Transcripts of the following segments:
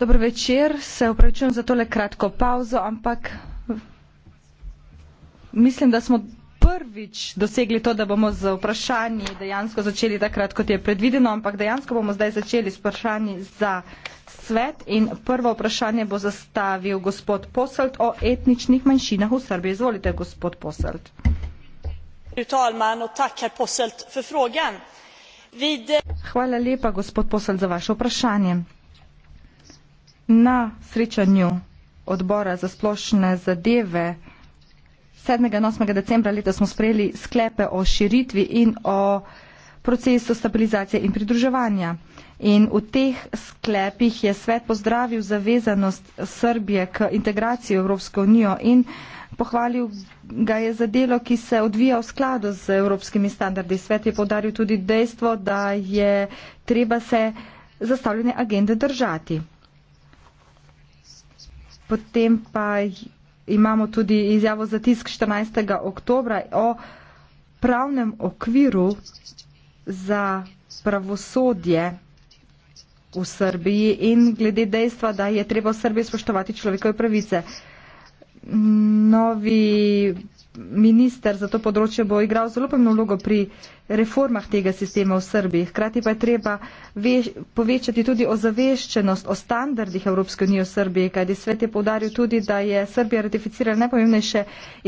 Dobro večer, se upravičujem za tole kratko pauzo, ampak mislim, da smo prvič dosegli to, da bomo z vprašanji dejansko začeli takrat, kot je predvideno, ampak dejansko bomo zdaj začeli s vprašanji za svet in prvo vprašanje bo zastavil gospod Poselt o etničnih manjšinah v Srbiji. Izvolite, gospod Poselt. Fru talman, tak, herr Posselt, za vprašanje. Hvala lepa, gospod posel, za vaše vprašanje. Na srečanju odbora za splošne zadeve 7. in 8. decembra leta smo sprejeli sklepe o širitvi in o procesu stabilizacije in pridruževanja. In v teh sklepih je svet pozdravil zavezanost Srbije k integraciji v Evropsko unijo in uh, Pohvalil ga je za delo, ki se odvija v skladu z evropskimi standardi. Svet je podaril tudi dejstvo, da je treba se zastavljene agende držati. Potem pa imamo tudi izjavo za tisk 14. oktobra o pravnem okviru za pravosodje v Srbiji in glede dejstva, da je treba v Srbiji spoštovati človekove pravice novi minister za to področje bo igral zelo pomembno vlogo pri reformah tega sistema v Srbiji. Hkrati pa je treba veš, povečati tudi ozaveščenost o standardih Evropske unije v Srbiji, kajti svet je povdaril tudi, da je Srbija ratificirala najpomembnejše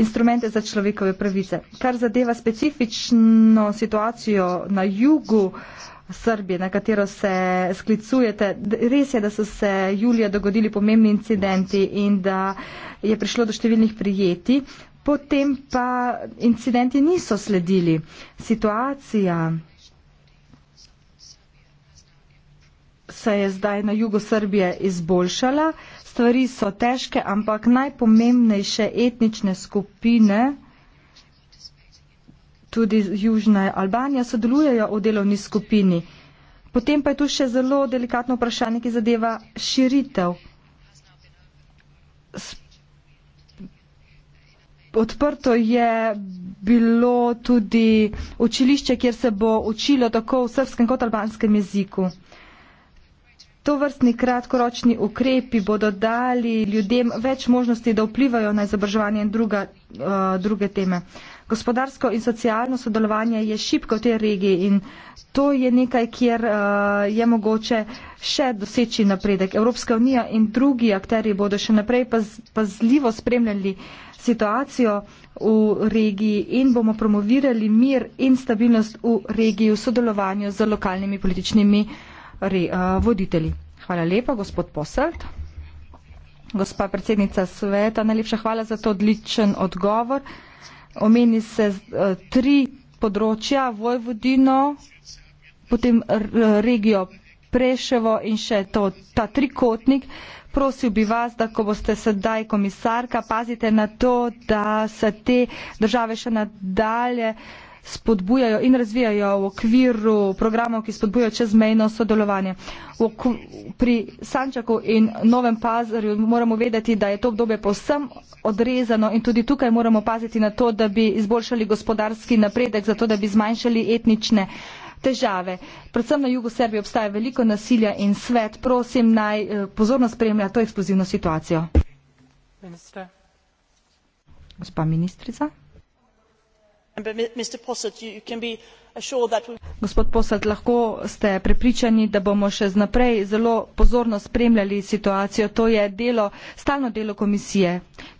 instrumente za človekove pravice. Kar zadeva specifično situacijo na jugu, uh, Srbiji, na katero se sklicujete. Res je, da so se julija dogodili pomembni incidenti in da je prišlo do številnih prijeti, potem pa incidenti niso sledili. Situacija se je zdaj na jugu Srbije izboljšala. Stvari so težke, ampak najpomembnejše etnične skupine tudi Južna Albanija sodelujejo v delovni skupini. Potem pa je tu še zelo delikatno vprašanje, ki zadeva širitev. Odprto je bilo tudi učilišče, kjer se bo učilo tako v srpskem kot albanskem jeziku. To vrstni kratkoročni ukrepi bodo dali ljudem več možnosti, da vplivajo na izobraževanje in druga, uh, druge teme. Uh, gospodarsko in socialno sodelovanje je šipko v tej regiji in to je nekaj, kjer eh, je mogoče še doseči napredek. Evropska unija in drugi akteri bodo še naprej paz, pazljivo spremljali situacijo v regiji in bomo promovirali mir in stabilnost v regiji v sodelovanju z lokalnimi političnimi re, eh, voditelji. Hvala lepa, gospod Poselt. Gospa predsednica sveta, najlepša hvala za to odličen odgovor omeni se uh, tri področja, Vojvodino, potem eh, regijo Preševo in še to, ta trikotnik. Prosil bi vas, da ko boste sedaj komisarka, pazite na to, da se te države še nadalje uh, spodbujajo in razvijajo v okviru programov, ki spodbujajo čezmejno sodelovanje. Pri Sančaku in Novem Pazarju moramo vedeti, da je to obdobje povsem odrezano in tudi tukaj moramo paziti na to, da bi izboljšali gospodarski napredek, zato da bi zmanjšali etnične težave. Predvsem na jugu Srbije obstaja veliko nasilja in svet. Prosim, naj eh, pozorno spremlja to eksplozivno situacijo. Minister. Gospa ministrica gospod posselt lahko ste prepričani da bomo še naprej zelo pozorno spremljali situacijo to je delo stalno delo komisije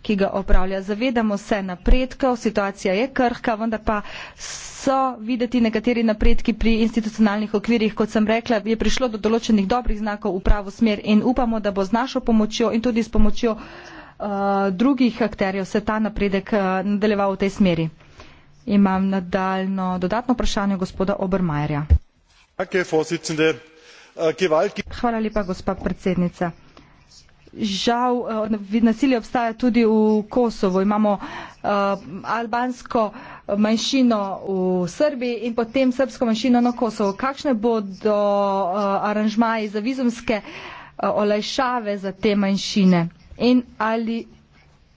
ki ga opravlja zavedamo se napredkov situacija je krhka vendar pa so videti nekateri napredki pri institucionalnih okvirih kot sem rekla je prišlo do določenih dobrih znakov v pravo smer in upamo da bo z našo pomočjo in tudi s pomočjo uh, drugih akterjev se ta napredek uh, nadaljeval v tej smeri. Imam nadaljno dodatno vprašanje gospoda Obermajerja. Äh, Hvala lepa, gospa predsednica. Žal, äh, nasilje obstaja tudi v Kosovo. Imamo uh, albansko manjšino v Srbiji in potem srbsko manjšino na Kosovo. Kakšne bodo uh, aranžmaji za vizumske uh, olajšave za te manjšine? In ali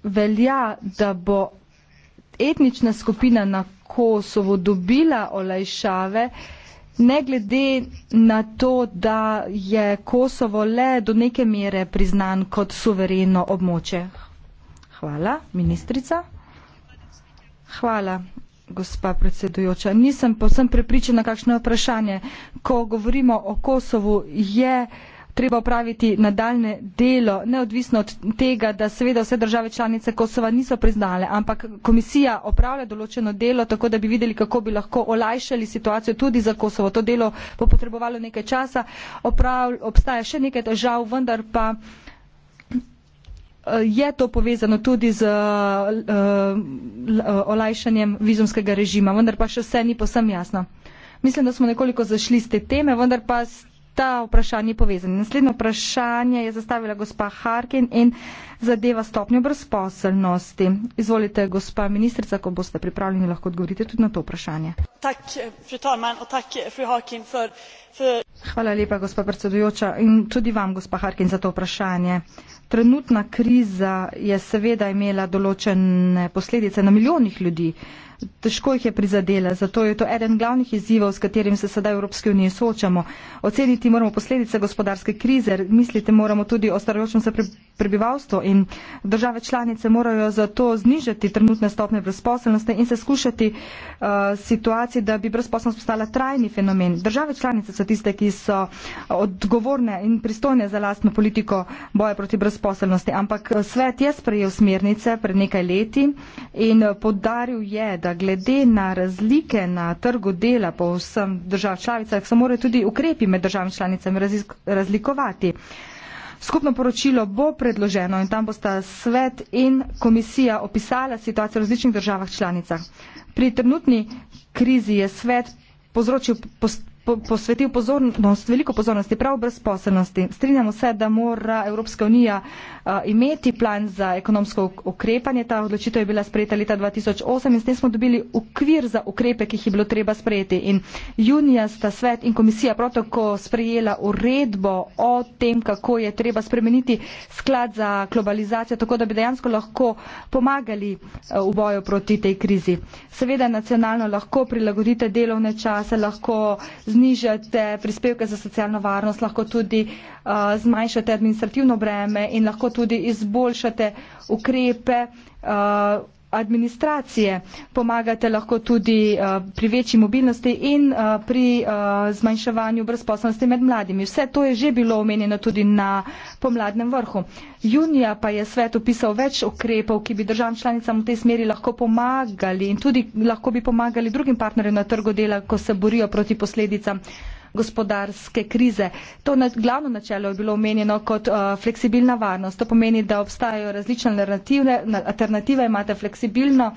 velja, da bo etnična skupina na Kosovo dobila olajšave, ne glede na to, da je Kosovo le do neke mere priznan kot suvereno območje. Hvala, ministrica. Hvala, gospa predsedujoča. Nisem povsem prepričana, kakšno je vprašanje. Ko govorimo o Kosovu, je uh, treba opraviti nadaljne delo, neodvisno od tega, da seveda vse države članice Kosova niso priznale, ampak komisija opravlja določeno delo, tako da bi videli, kako bi lahko olajšali situacijo tudi za Kosovo. To delo bo potrebovalo nekaj časa, Oprav, obstaja še nekaj težav, vendar pa eh, je to povezano tudi z eh, eh, olajšanjem vizumskega režima, vendar pa še vse ni posem jasno. Mislim, da smo nekoliko zašli z te teme, vendar pa ta vprašanje povezani. Naslednje vprašanje je zastavila gospa Harkin in zadeva stopnjo brezposelnosti. Izvolite, gospa ministrica, ko boste pripravljeni, lahko odgovorite tudi na to vprašanje. Tak, talman, tak, Harkin, for, for... Hvala lepa, gospa predsedujoča, in tudi vam, gospa Harkin, za to vprašanje. Trenutna kriza je seveda imela določene posledice na milijonih ljudi težko jih je prizadela, zato je to eden glavnih izzivov, s katerim se sedaj v Evropski uniji soočamo. Oceniti moramo posledice gospodarske krize, mislite moramo tudi o starajočem se prebivalstvo in države članice morajo zato znižati trenutne stopne brezposelnosti in se skušati uh, situaciji, da bi brezposelnost postala trajni fenomen. Države članice so tiste, ki so odgovorne in pristojne za lastno politiko boja proti brezposelnosti, ampak uh, svet je sprejel smernice pred nekaj leti in uh, podaril je, da da glede na razlike na trgu dela po vsem držav članicah se morajo tudi ukrepi med državami članicami razlikovati. Skupno poročilo bo predloženo in tam bosta svet in komisija opisala situacijo v različnih državah članicah. Pri trenutni krizi je svet povzročil posvetil pozornost, veliko pozornosti prav brezposelnosti. Strinjamo se, da mora Evropska unija imeti plan za ekonomsko ukrepanje. Ta odločitev je bila sprejeta leta 2008 in s tem smo dobili ukvir za ukrepe, ki jih je bilo treba sprejeti. In junija sta svet in komisija prav tako sprejela uredbo o tem, kako je treba spremeniti sklad za globalizacijo, tako da bi dejansko lahko pomagali v boju proti tej krizi. Seveda nacionalno lahko prilagodite delovne čase, lahko z znižate prispevke za socialno varnost, lahko tudi uh, zmanjšate administrativno breme in lahko tudi izboljšate ukrepe. Uh, administracije pomagate lahko tudi eh, pri večji mobilnosti in eh, pri eh, zmanjševanju brezposobnosti med mladimi. Vse to je že bilo omenjeno tudi na pomladnem vrhu. Junija pa je svet opisal več ukrepov, ki bi državam članicam v tej smeri lahko pomagali in tudi lahko bi pomagali drugim partnerjem na trgu dela, ko se borijo proti posledicam gospodarske krize. To na, glavno načelo je bilo omenjeno kot uh, fleksibilna varnost. To pomeni, da obstajajo različne alternative, alternative imate fleksibilno.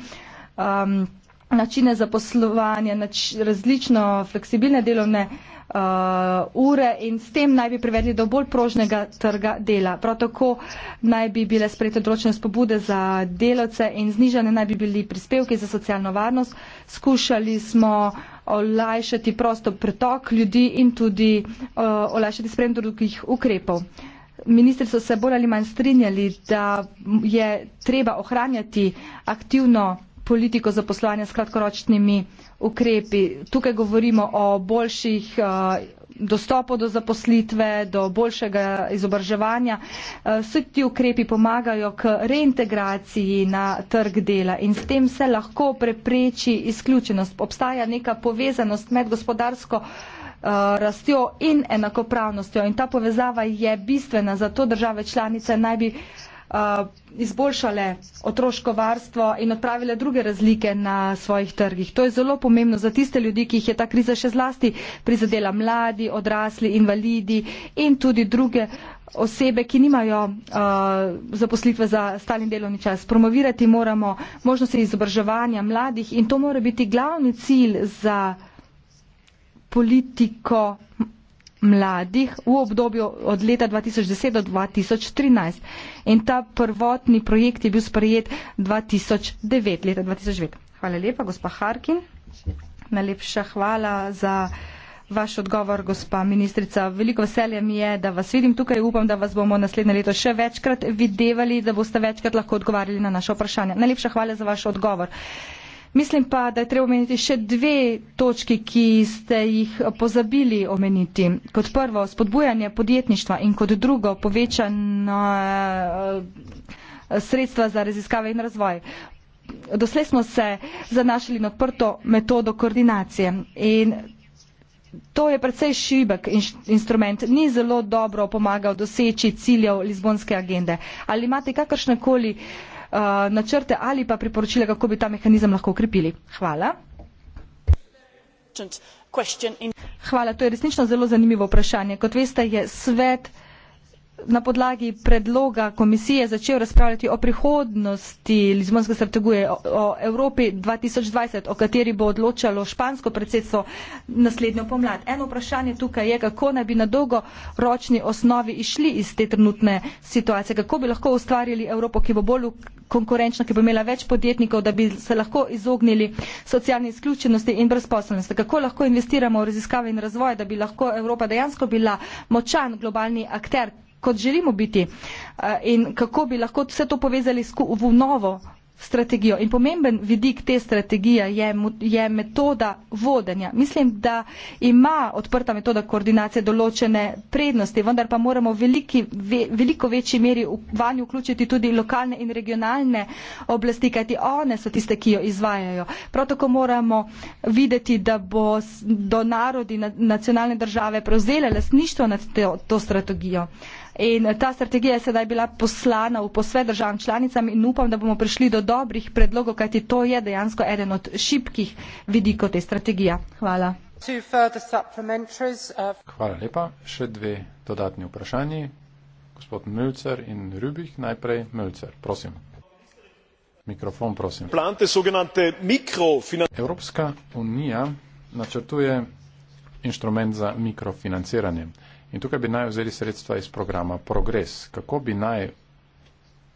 Um, načine zaposlovanja, nač, različno fleksibilne delovne uh, ure in s tem naj bi privedli do bolj prožnega trga dela. Prav tako naj bi bile sprejete določene spobude za delavce in znižane naj bi bili prispevki za socialno varnost. Skušali smo uh, olajšati prosto pretok ljudi in tudi uh, olajšati sprem drugih ukrepov. Ministri so se bolj ali manj strinjali, da je treba ohranjati aktivno politiko zaposlovanja s kratkoročnimi ukrepi. Tukaj govorimo o boljših uh, dostopu do zaposlitve, do boljšega izobraževanja. Eh, vsi ti ukrepi pomagajo k reintegraciji na trg dela in s tem se lahko prepreči izključenost. Obstaja neka povezanost med gospodarsko eh, rastjo in enakopravnostjo in ta povezava je bistvena, zato države članice naj bi Uh, izboljšale otroško varstvo in odpravile druge razlike na svojih trgih. To je zelo pomembno za tiste ljudi, ki jih je ta kriza še zlasti prizadela mladi, odrasli, invalidi in tudi druge osebe, ki nimajo uh, zaposlitve za stalen delovni čas. Promovirati moramo možnosti izobraževanja mladih in to mora biti glavni cilj za politiko mladih v obdobju od leta 2010 do 2013. In ta prvotni projekt je bil sprejet 2009, leta 2009. Hvala lepa, gospa Harkin. Najlepša hvala za vaš odgovor, gospa ministrica. Veliko veselje mi je, da vas vidim tukaj. Upam, da vas bomo naslednje leto še večkrat videvali, da boste večkrat lahko odgovarjali na naše vprašanje. Najlepša hvala za vaš odgovor. Mislim pa, da je treba omeniti še dve točki, ki ste jih pozabili omeniti. Kot prvo, spodbujanje podjetništva in kot drugo, povečanje eh, sredstva za raziskave in razvoj. Doslej smo se zanašali na odprto metodo koordinacije in to je predvsej šibek inš, instrument, ni zelo dobro pomagal doseči ciljev Lizbonske agende. Ali imate kakršnekoli uh, Eh, načrte ali pa priporočila, kako bi ta mehanizem lahko ukrepili. Hvala. Hvala, to je resnično zelo zanimivo vprašanje. Kot veste, je svet na podlagi predloga komisije začel razpravljati o prihodnosti Lizbonske strategije o Evropi 2020, o kateri bo odločalo špansko predsedstvo naslednjo pomlad. Eno vprašanje tukaj je, kako naj bi na dolgoročni osnovi išli iz te trenutne situacije, kako bi lahko ustvarili Evropo, ki bo bolj konkurenčna, ki bo imela več podjetnikov, da bi se lahko izognili socialni izključenosti in brezposelnosti. Kako lahko investiramo v raziskave in razvoj, da bi lahko Evropa dejansko bila močan globalni akter, kot želimo biti eh, in kako bi lahko vse to povezali v novo strategijo. In pomemben vidik te strategije je, je metoda vodenja. Mislim, da ima odprta metoda koordinacije določene prednosti, vendar pa moramo v veliki, ve, veliko večji meri vanjo vključiti tudi lokalne in regionalne oblasti, kajti one so tiste, ki jo izvajajo. Prav tako moramo videti, da bo do narodi nacionalne države prevzele lasništvo nad to, to strategijo. Uh, In ta strategija je sedaj bila poslana v posvet državam članicam in upam, da bomo prišli do dobrih predlogov, kajti to je dejansko eden od šibkih vidikov te strategije. Hvala. Uh, Hvala lepa. Še dve dodatni vprašanji. Gospod Mülcer in Rübih, najprej Mülcer, prosim. Mikrofon, prosim. Evropska unija načrtuje inštrument za mikrofinanciranje. In tukaj bi naj vzeli sredstva iz programa Progres. Kako bi naj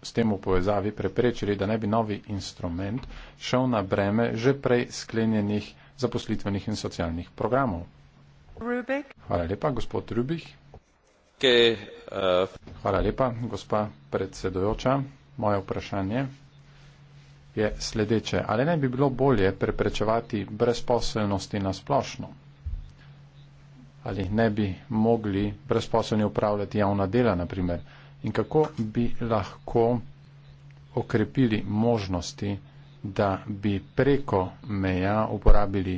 s tem v povezavi preprečili, da ne bi novi instrument šel na breme že prej sklenjenih zaposlitvenih in socialnih programov? Rubik. Hvala lepa, gospod Rubih. Eh, okay, uh... Hvala lepa, gospa predsedojoča. Moje vprašanje je sledeče. Ali ne bi bilo bolje preprečevati brezposelnosti na splošno? ali ne bi mogli brezposobni upravljati javna dela, naprimer, in kako bi lahko okrepili možnosti, da bi preko meja uporabili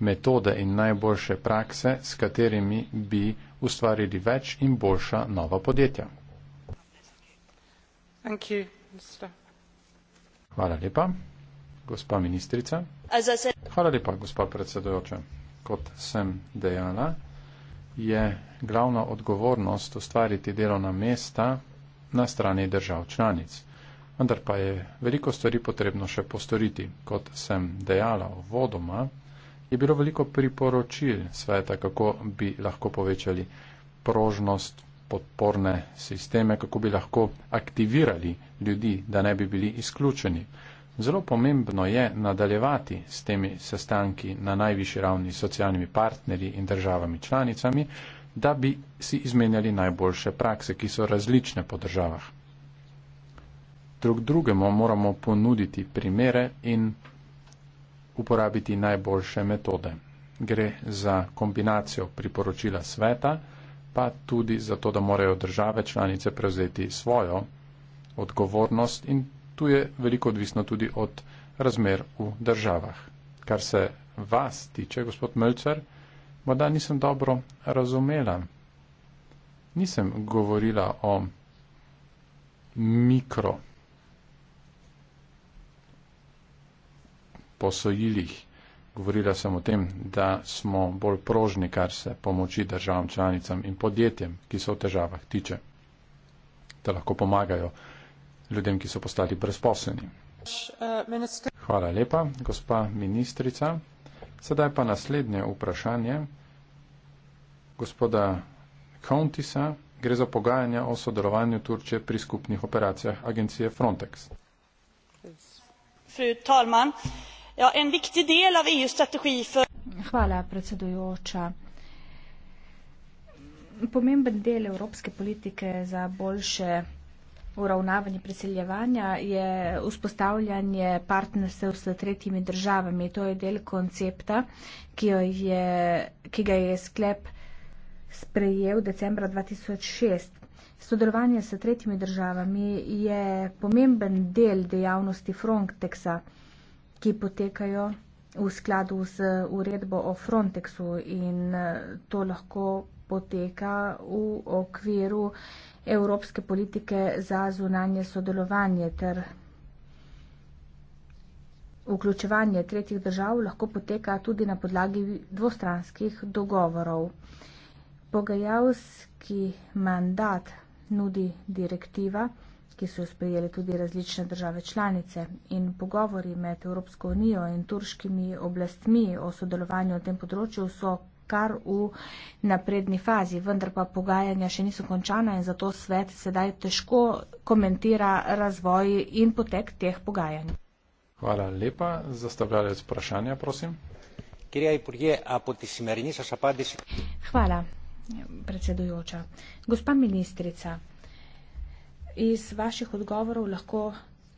metode in najboljše prakse, s katerimi bi ustvarili več in boljša nova podjetja. Thank you, Hvala lepa, gospa ministrica. Hvala lepa, gospa predsedojoča. Kot sem dejala, je glavna odgovornost ustvariti delovna mesta na strani držav članic. Vendar pa je veliko stvari potrebno še postoriti. Kot sem dejala v vodoma, je bilo veliko priporočil sveta, kako bi lahko povečali prožnost, podporne sisteme, kako bi lahko aktivirali ljudi, da ne bi bili izključeni. Zelo pomembno je nadaljevati s temi sestanki na najvišji ravni s socialnimi partnerji in državami članicami, da bi si izmenjali najboljše prakse, ki so različne po državah. Drug drugemu moramo ponuditi primere in uporabiti najboljše metode. Gre za kombinacijo priporočila sveta, pa tudi za to, da morajo države članice prevzeti svojo odgovornost in tu je veliko odvisno tudi od razmer v državah. Kar se vas tiče, gospod Mölcer, morda nisem dobro razumela. Nisem govorila o mikro posojilih. Govorila sem o tem, da smo bolj prožni, kar se pomoči državam članicam in podjetjem, ki so v težavah tiče, da lahko pomagajo ljudem, ki so postali brezposleni. Hvala lepa, gospa ministrica. Sedaj pa naslednje vprašanje gospoda Countisa. Gre za pogajanja o sodelovanju Turčije pri skupnih operacijah agencije Frontex. Ja, e Hvala, predsedujoča. Pomemben del evropske politike za boljše uravnavanje priseljevanja je vzpostavljanje partnerstev s tretjimi državami. To je del koncepta, ki, jo je, ki ga je sklep sprejel decembra 2006. Sodelovanje s tretjimi državami je pomemben del dejavnosti Frontexa, ki potekajo v skladu z uredbo o Frontexu in to lahko poteka v okviru evropske politike za zunanje sodelovanje ter vključevanje tretjih držav lahko poteka tudi na podlagi dvostranskih dogovorov. Pogajalski mandat nudi direktiva, ki so jo sprejeli tudi različne države članice in pogovori med Evropsko unijo in turškimi oblastmi o sodelovanju na tem področju so kar v napredni fazi, vendar pa pogajanja še niso končana in zato svet sedaj težko komentira razvoj in potek teh pogajanj. Hvala lepa. Zastavljalec vprašanja, prosim. Hvala, predsedujoča. Gospa ministrica, iz vaših odgovorov lahko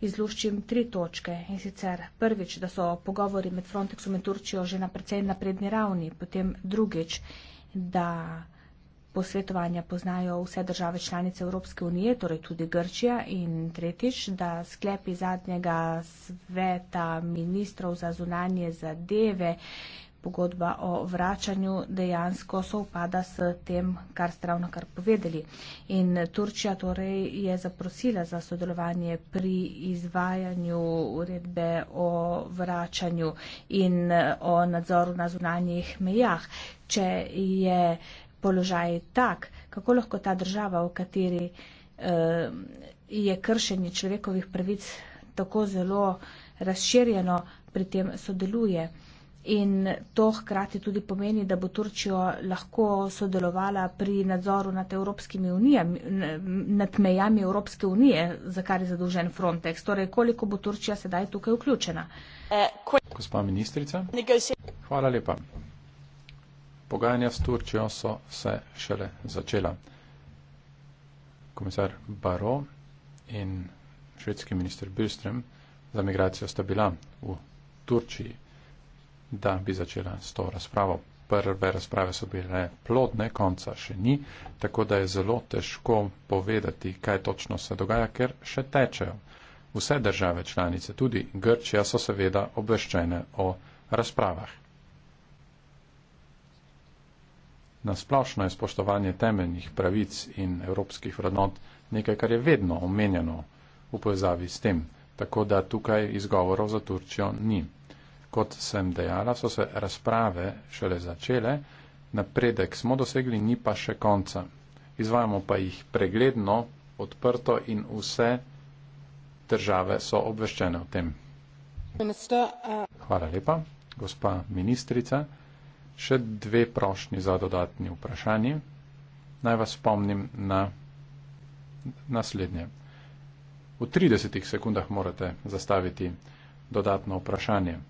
izluščim tri točke in sicer prvič, da so pogovori med Frontexom in Turčijo že na precej napredni ravni, potem drugič, da posvetovanja poznajo vse države članice Evropske unije, torej tudi Grčija in tretjič, da sklepi zadnjega sveta ministrov za zunanje zadeve pogodba o vračanju dejansko sovpada s tem, kar ste ravno kar povedali. In Turčija torej je zaprosila za sodelovanje pri izvajanju uredbe o vračanju in o nadzoru na zunanjih mejah. Če je položaj tak, kako lahko ta država, v kateri eh, je kršenje človekovih pravic tako zelo razširjeno, pri tem sodeluje in to hkrati tudi pomeni, da bo Turčijo lahko sodelovala pri nadzoru nad Evropskimi unijami, nad mejami Evropske unije, za kar je zadolžen Frontex. Torej, koliko bo Turčija sedaj tukaj vključena? Gospa ministrica, hvala lepa. Pogajanja s Turčijo so se šele začela. Komisar Baro in švedski minister Bilström za migracijo sta bila v Turčiji da bi začela s to razpravo. Prve razprave so bile plodne, konca še ni, tako da je zelo težko povedati, kaj točno se dogaja, ker še tečejo. Vse države članice, tudi Grčija, so seveda obveščene o razpravah. Nasplošno je spoštovanje temeljnih pravic in evropskih vrednot nekaj, kar je vedno omenjeno v povezavi s tem, tako da tukaj izgovorov za Turčijo ni. Kot sem dejala, so se razprave šele začele, napredek smo dosegli, ni pa še konca. Izvajamo pa jih pregledno, odprto in vse države so obveščene o tem. Eh, Hvala lepa, gospa ministrica. Še dve prošnji za dodatni vprašanji. Naj vas spomnim na naslednje. V 30 sekundah morate zastaviti dodatno vprašanje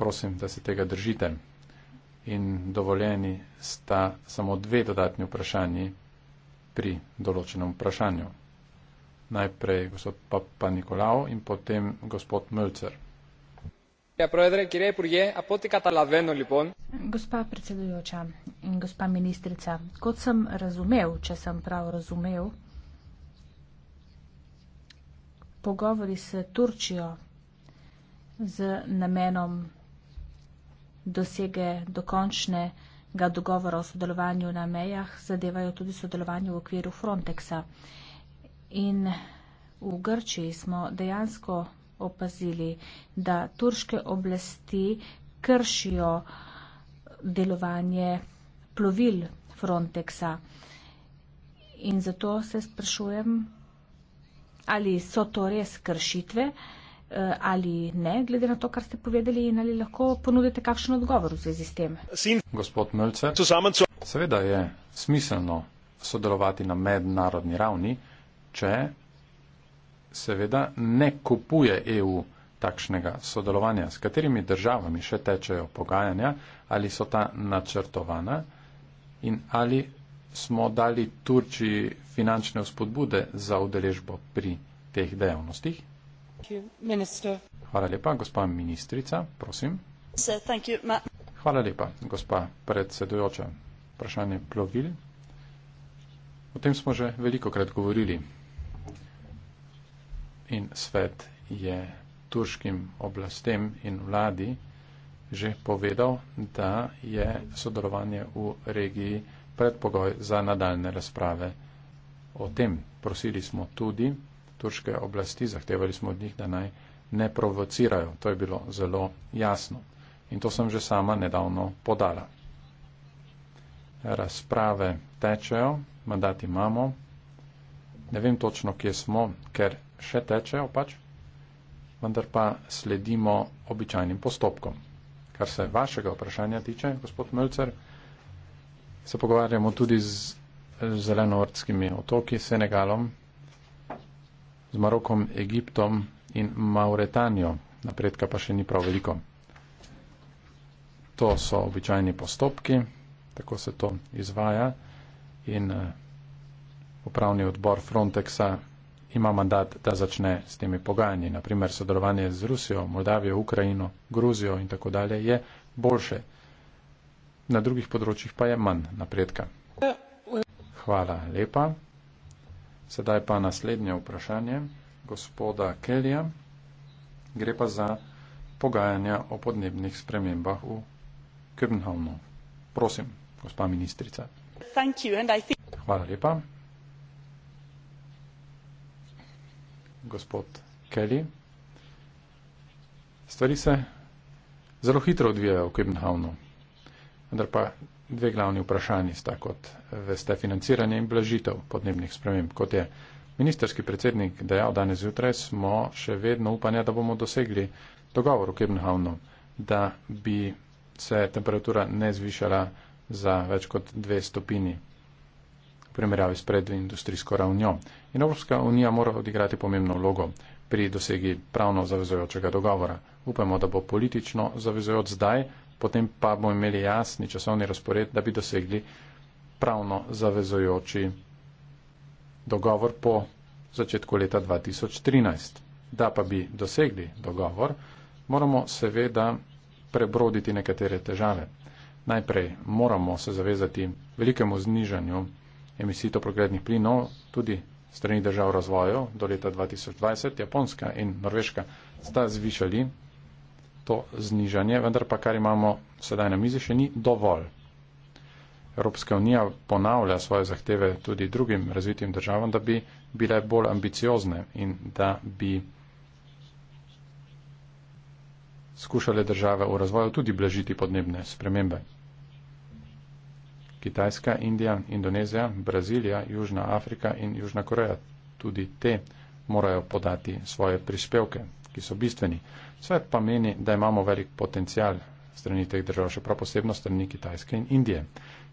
prosim, da se tega držite. In dovoljeni sta samo dve dodatni vprašanji pri določenem vprašanju. Najprej gospod Papa Nikolao in potem gospod Mölcer. Ja, gospa predsedujoča in gospa ministrica, kot sem razumev, če sem prav razumev, pogovori s Turčijo z namenom dosege dokončnega dogovora o sodelovanju na mejah zadevajo tudi sodelovanje v okviru Frontexa. In v Grčiji smo dejansko opazili, da turške oblasti kršijo delovanje plovil Frontexa. In zato se sprašujem, ali so to res kršitve, Eh, ali ne, glede na to, kar ste povedali in ali lahko ponudite kakšen odgovor v zvezi s tem. Sin. Gospod Mölce, seveda je smiselno sodelovati na mednarodni ravni, če seveda ne kupuje EU takšnega sodelovanja, s katerimi državami še tečejo pogajanja, ali so ta načrtovana in ali smo dali Turčiji finančne vzpodbude za udeležbo pri teh dejavnostih. Hvala lepa, gospa ministrica, prosim. Hvala lepa, gospa predsedujoča. Vprašanje plovil. O tem smo že veliko krat govorili. In svet je turškim oblastem in vladi že povedal, da je sodelovanje v regiji predpogoj za nadaljne razprave o tem. Prosili smo tudi turške oblasti, zahtevali smo od njih, da naj ne provocirajo. To je bilo zelo jasno. In to sem že sama nedavno podala. Razprave tečejo, mandati imamo. Ne vem točno, kje smo, ker še tečejo pač, vendar pa sledimo običajnim postopkom. Kar se vašega vprašanja tiče, gospod Mölcer, se pogovarjamo tudi z zelenoordskimi otoki, Senegalom, z Marokom, Egiptom in Mauretanijo. Napredka pa še ni prav veliko. To so običajni postopki, tako se to izvaja in eh, upravni odbor Frontexa ima mandat, da začne s temi pogajanji. Naprimer, sodelovanje z Rusijo, Moldavijo, Ukrajino, Gruzijo in tako dalje je boljše. Na drugih področjih pa je manj napredka. Hvala lepa. Sedaj pa naslednje vprašanje gospoda Kelija. Gre pa za pogajanja o podnebnih spremembah v Köbenhavnu. Prosim, gospa ministrica. Hvala lepa. Gospod Kelly, stvari se zelo hitro odvijajo v Köbenhavnu. Vendar pa dve glavni vprašanji sta, kot veste, financiranje in blažitev podnebnih sprememb. Kot je ministerski predsednik dejal danes zjutraj, smo še vedno upanja, da bomo dosegli dogovor v Kebnhavnu, da bi se temperatura ne zvišala za več kot dve stopini v primerjavi s predindustrijsko ravnjo. In Evropska unija mora odigrati pomembno vlogo pri dosegi pravno zavezojočega dogovora. Upamo, da bo politično zavezojoč zdaj, potem pa bomo imeli jasni časovni razpored, da bi dosegli pravno zavezojoči dogovor po začetku leta 2013. Da pa bi dosegli dogovor, moramo seveda prebroditi nekatere težave. Najprej moramo se zavezati velikemu znižanju emisij toplogrednih plinov tudi strani držav razvoju do leta 2020. Japonska in Norveška sta zvišali to znižanje, vendar pa kar imamo sedaj na mizi, še ni dovolj. Evropska unija ponavlja svoje zahteve tudi drugim razvitim državam, da bi bile bolj ambiciozne in da bi skušale države v razvoju tudi blažiti podnebne spremembe. Kitajska, Indija, Indonezija, Brazilija, Južna Afrika in Južna Koreja tudi te morajo podati svoje prispevke ki so bistveni. Svet pa meni, da imamo velik potencial strani teh držav, še prav posebno strani Kitajske in Indije.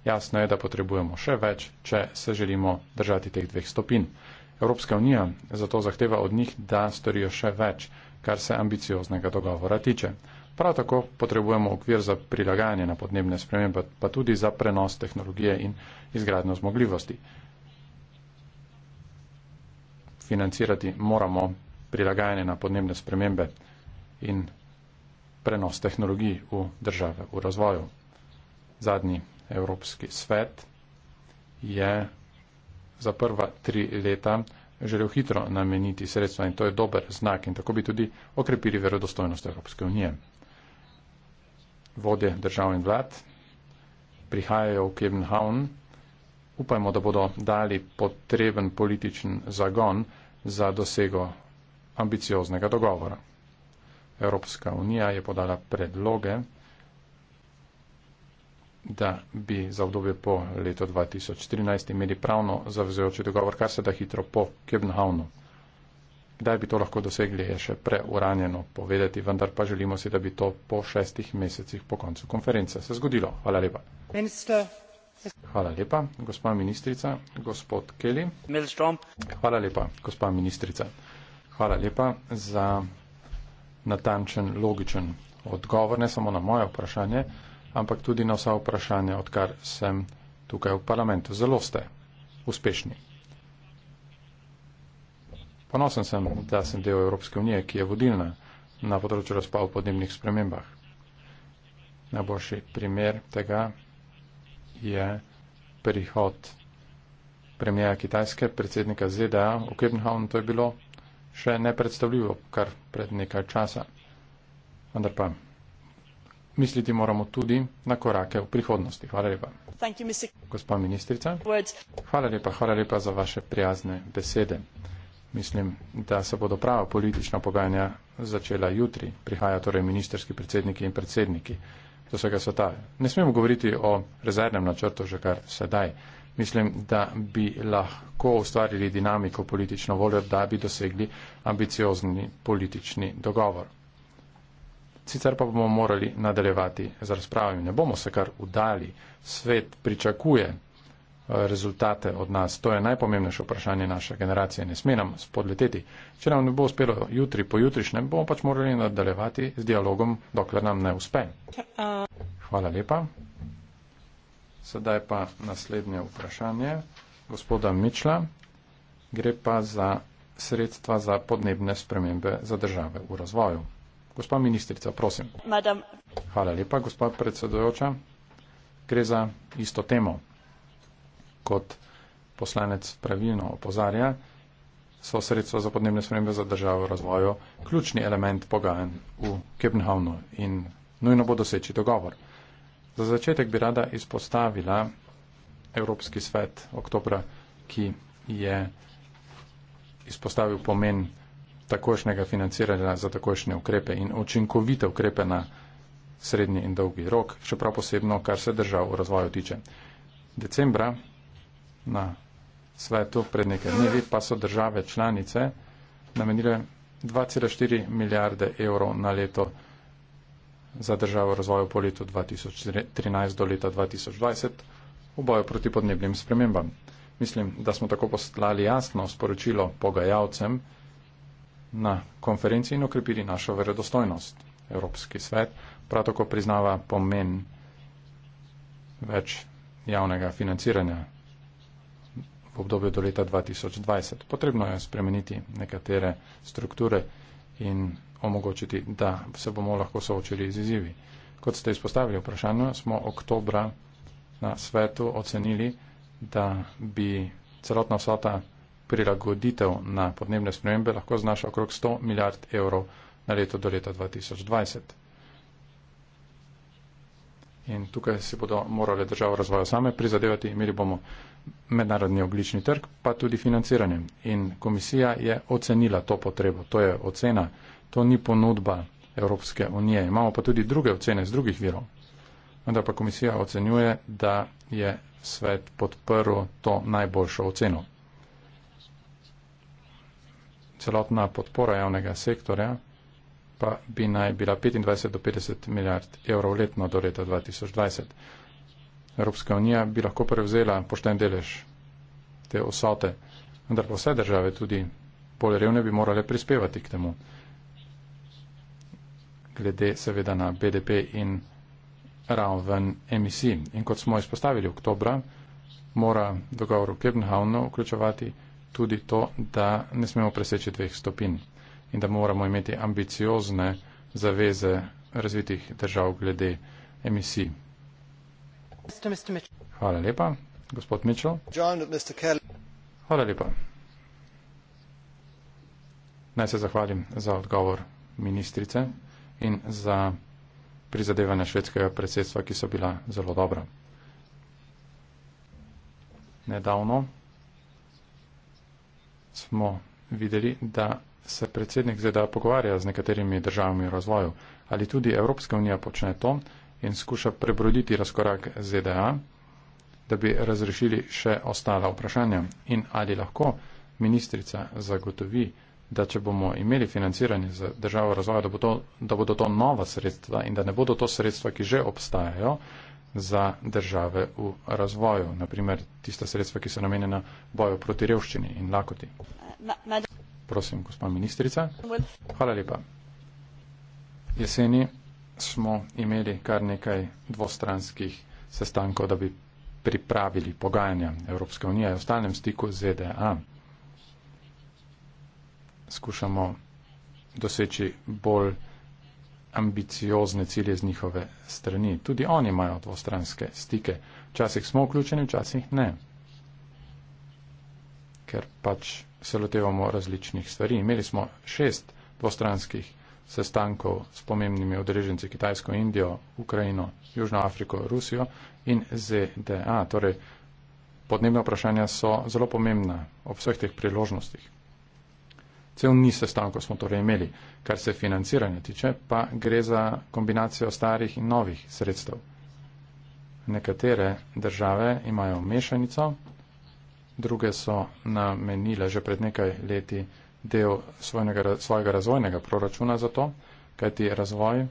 Jasno je, da potrebujemo še več, če se želimo držati teh dveh stopin. Evropska unija zato zahteva od njih, da storijo še več, kar se ambicioznega dogovora tiče. Prav tako potrebujemo okvir za prilagajanje na podnebne spremembe, pa tudi za prenos tehnologije in izgradno zmogljivosti. Financirati moramo prilagajanje na podnebne spremembe in prenos tehnologij v države v razvoju. Zadnji Evropski svet je za prva tri leta želel hitro nameniti sredstva in to je dober znak in tako bi tudi okrepili verodostojnost Evropske unije. Vode držav in vlad prihajajo v Kevnhaun. Upajmo, da bodo dali potreben političen zagon za dosego ambicioznega dogovora. Evropska unija je podala predloge, da bi za obdobje po letu 2013 imeli pravno zavezujoči dogovor, kar se da hitro po Kebnhavnu. Kdaj bi to lahko dosegli, je še preuranjeno povedati, vendar pa želimo si, da bi to po šestih mesecih po koncu konference se zgodilo. Hvala lepa. Minister. Hvala lepa, gospa ministrica, gospod Kelly. Hvala lepa, gospa ministrica. Hvala lepa za natančen, logičen odgovor, ne samo na moje vprašanje, ampak tudi na vsa vprašanja, odkar sem tukaj v parlamentu. Zelo ste uspešni. Ponosen sem, da sem del Evropske unije, ki je vodilna na področju razpav v podnebnih spremembah. Najboljši primer tega je prihod premijeja Kitajske, predsednika ZDA v Kebnhavnu, to je bilo še nepredstavljivo kar pred nekaj časa. Vendar pa misliti moramo tudi na korake v prihodnosti. Hvala lepa. You, Gospa ministrica. Words. Hvala lepa, hvala lepa za vaše prijazne besede. Mislim, da se bodo prava politična pogajanja začela jutri. Prihaja torej ministerski predsedniki in predsedniki. Do vsega sveta. Ne smemo govoriti o rezervnem načrtu že kar sedaj mislim, da bi lahko ustvarili dinamiko politično voljo, da bi dosegli ambiciozni politični dogovor. Sicer pa bomo morali nadaljevati z razpravami. Ne bomo se kar udali. Svet pričakuje eh, rezultate od nas. To je najpomembnejše vprašanje naše generacije. Ne sme nam spodleteti. Če nam ne bo uspelo jutri po jutrišnjem, bomo pač morali nadaljevati z dialogom, dokler nam ne uspe. Eh. Hvala lepa. Sedaj pa naslednje vprašanje gospoda Mičla. Gre pa za sredstva za podnebne spremembe za države v razvoju. Gospa ministrica, prosim. Madam. Hvala lepa, gospa predsedojoča. Gre za isto temo. Kot poslanec pravilno opozarja, so sredstva za podnebne spremembe za države v razvoju ključni element pogajanj v Kebnhavnu in nujno bo doseči dogovor. Za začetek bi rada izpostavila Evropski svet oktobra, ki je izpostavil pomen takošnjega financiranja za takošnje ukrepe in očinkovite ukrepe na srednji in dolgi rok, še prav posebno, kar se držav v razvoju tiče. Decembra na svetu pred nekaj dnevi pa so države članice namenile 2,4 milijarde evrov na leto za državo razvoju po letu 2013 do leta 2020 v boju proti podnebnim spremembam. Mislim, da smo tako poslali jasno sporočilo pogajalcem na konferenci in okrepili našo verodostojnost. Evropski svet prav tako priznava pomen več javnega financiranja v obdobju do leta 2020. Potrebno je spremeniti nekatere strukture in omogočiti, da se bomo lahko soočili z izzivi. Kot ste izpostavili vprašanje, smo oktobra na svetu ocenili, da bi celotna vsota prilagoditev na podnebne spremembe lahko znaša okrog 100 milijard evrov na leto do leta 2020. In tukaj si bodo morale države razvoja same prizadevati, imeli bomo mednarodni oblični trg, pa tudi financiranje. In komisija je ocenila to potrebo. To je ocena To ni ponudba Evropske unije. Imamo pa tudi druge ocene z drugih virov. Vendar pa komisija ocenjuje, da je svet podprl to najboljšo oceno. Celotna podpora javnega sektorja pa bi naj bila 25 do 50 milijard evrov letno do leta 2020. Evropska unija bi lahko prevzela pošten delež te osote, vendar pa vse države, tudi bolj revne, bi morale prispevati k temu glede seveda na BDP in raven emisij. In kot smo izpostavili oktobra, mora dogovor v Kebnhavnu vključevati tudi to, da ne smemo preseči dveh stopin in da moramo imeti ambiciozne zaveze razvitih držav glede emisij. Hvala lepa, gospod Mitchell. Hvala lepa. Naj se zahvalim za odgovor ministrice in za prizadevanja švedskega predsedstva, ki so bila zelo dobra. Nedavno smo videli, da se predsednik ZDA pogovarja z nekaterimi državami v razvoju. Ali tudi Evropska unija počne to in skuša prebroditi razkorak ZDA, da bi razrešili še ostala vprašanja? In ali lahko ministrica zagotovi, da če bomo imeli financiranje za državo razvoja, da, bo to, da bodo to nova sredstva in da ne bodo to sredstva, ki že obstajajo za države v razvoju, naprimer tista sredstva, ki so namenjena boju proti revščini in lakoti. Prosim, gospod ministrica. Hvala lepa. Jeseni smo imeli kar nekaj dvostranskih sestankov, da bi pripravili pogajanja Evropske unije v stalnem stiku z ZDA skušamo doseči bolj ambiciozne cilje z njihove strani. Tudi oni imajo dvostranske stike. Včasih smo vključeni, včasih ne. Ker pač se lotevamo različnih stvari. Imeli smo šest dvostranskih sestankov s pomembnimi odreženci Kitajsko, Indijo, Ukrajino, Južno Afriko, Rusijo in ZDA. Torej, podnebne vprašanja so zelo pomembna ob vseh teh priložnostih cel ni sestankov smo torej imeli, kar se financiranja tiče, pa gre za kombinacijo starih in novih sredstev. Nekatere države imajo mešanico, druge so namenile že pred nekaj leti del svojnega, svojega razvojnega proračuna za to, kajti razvoj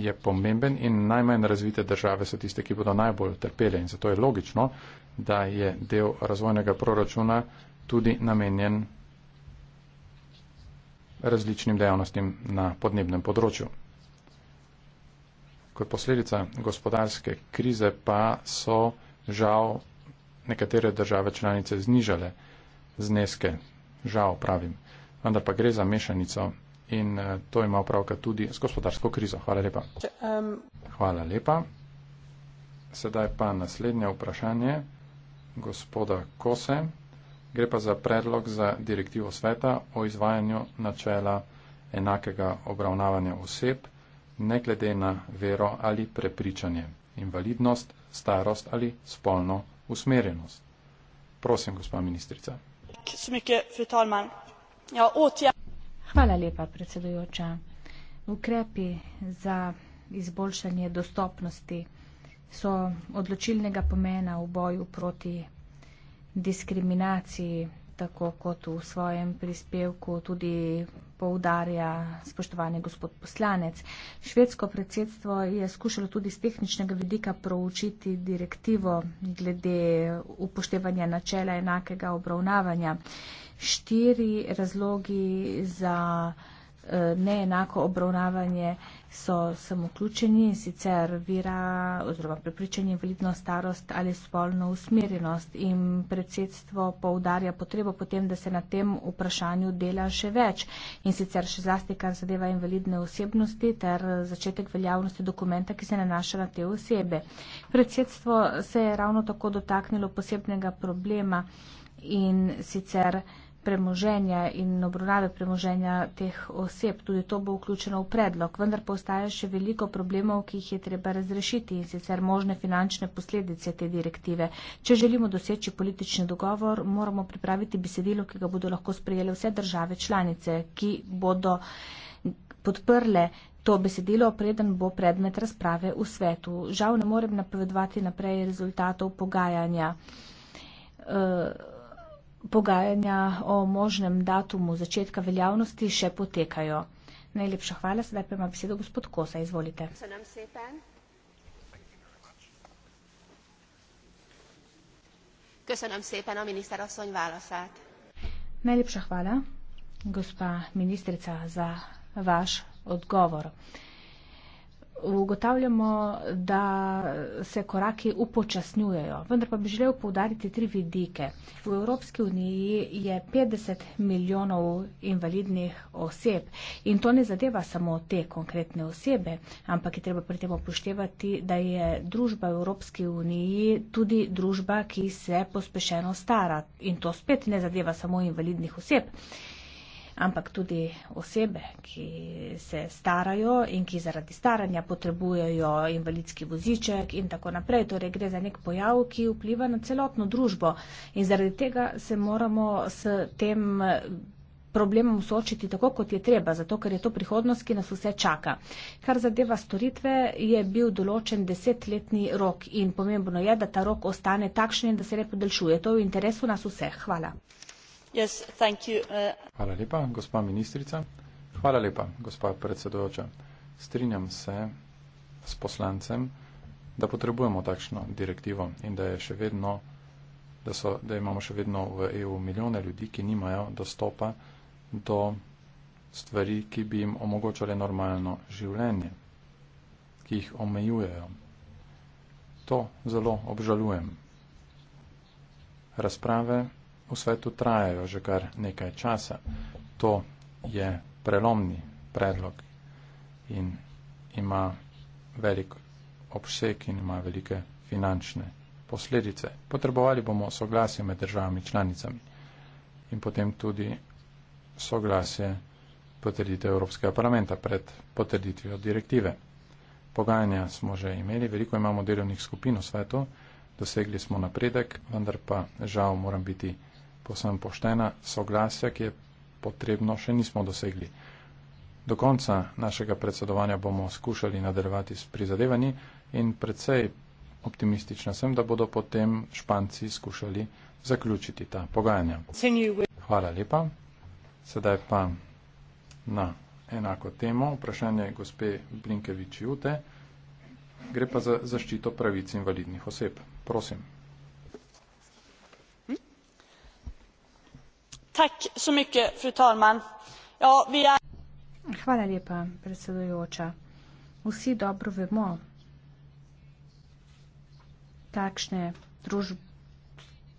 je pomemben in najmanj razvite države so tiste, ki bodo najbolj trpele. In zato je logično, da je del razvojnega proračuna tudi namenjen različnim dejavnostim na podnebnem področju. Kot posledica gospodarske krize pa so žal nekatere države članice znižale zneske, žal pravim, vendar pa gre za mešanico in eh, to ima opravka tudi s gospodarsko krizo. Hvala lepa. Hvala lepa. Sedaj pa naslednje vprašanje gospoda Kose, gre pa za predlog za direktivo sveta o izvajanju načela enakega obravnavanja oseb, ne glede na vero ali prepričanje, invalidnost, starost ali spolno usmerjenost. Prosim, gospa ministrica. Hvala lepa, predsedujoča. Ukrepi za izboljšanje dostopnosti so odločilnega pomena v boju proti diskriminaciji, tako kot v svojem prispevku tudi poudarja spoštovani gospod poslanec. Švedsko predsedstvo je skušalo tudi z tehničnega vidika proučiti direktivo glede upoštevanja načela enakega obravnavanja. Štiri razlogi za Eh, neenako obravnavanje so sem vključeni in sicer vira oziroma prepričanje invalidno starost ali spolno usmerjenost in predsedstvo poudarja potrebo potem, da se na tem vprašanju dela še več in sicer še zlasti, kar zadeva invalidne osebnosti ter začetek veljavnosti dokumenta, ki se nanaša na te osebe. Predsedstvo se je ravno tako dotaknilo posebnega problema in sicer premoženja in obravnave premoženja teh oseb. Tudi to bo vključeno v predlog, vendar pa ostaja še veliko problemov, ki jih je treba razrešiti in sicer možne finančne posledice te direktive. Če želimo doseči politični dogovor, moramo pripraviti besedilo, ki ga bodo lahko sprejele vse države članice, ki bodo podprle to besedilo, preden bo predmet razprave v svetu. Žal ne morem napovedovati naprej rezultatov pogajanja. Uh, pogajanja o možnem datumu začetka veljavnosti še potekajo. Najlepša hvala, sedaj pa ima besedo gospod Kosa, izvolite. Köszönöm szépen a miniszterasszony válaszát. Najlepša hvala, gospa ministrica, za vaš odgovor ugotavljamo, da se koraki upočasnjujejo. Vendar pa bi želel povdariti tri vidike. V Evropski uniji je 50 milijonov invalidnih oseb in to ne zadeva samo te konkretne osebe, ampak je treba pri tem upoštevati, da je družba v Evropski uniji tudi družba, ki se pospešeno stara in to spet ne zadeva samo invalidnih oseb ampak tudi osebe, ki se starajo in ki zaradi staranja potrebujejo invalidski voziček in tako naprej. Torej gre za nek pojav, ki vpliva na celotno družbo in zaradi tega se moramo s tem problemom soočiti tako, kot je treba, zato ker je to prihodnost, ki nas vse čaka. Kar zadeva storitve, je bil določen desetletni rok in pomembno je, da ta rok ostane takšen in da se ne podaljšuje. To je v interesu nas vseh. Hvala. Uh, hvala lepa gospa predsedujoča strinjam se s poslancem da potrebujemo takšno direktivo in da je še vedno da so da imamo še vedno v EU milijone ljudi ki nimajo dostopa do stvari ki bi jim omogočale normalno življenje ki jih omejujejo to zelo obžalujem razprave v svetu trajajo že kar nekaj časa. To je prelomni predlog in ima velik obseg in ima velike finančne posledice. Potrebovali bomo soglasje med državami članicami in potem tudi soglasje potrditve Evropskega parlamenta pred potrditvijo direktive. Pogajanja smo že imeli, veliko imamo delovnih skupin v svetu, dosegli smo napredek, vendar pa žal moram biti posem poštena, soglasja, ki je potrebno, še nismo dosegli. Do konca našega predsedovanja bomo skušali nadaljevati s prizadevanji in predvsej optimistična sem, da bodo potem Španci skušali zaključiti ta pogajanja. Hvala lepa. Sedaj pa na enako temo vprašanje gospe Blinkevič-Jute. Gre pa za zaščito pravic invalidnih oseb. Prosim. Ja, Hvala lepa, predsedujoča. Vsi dobro vemo, kakšne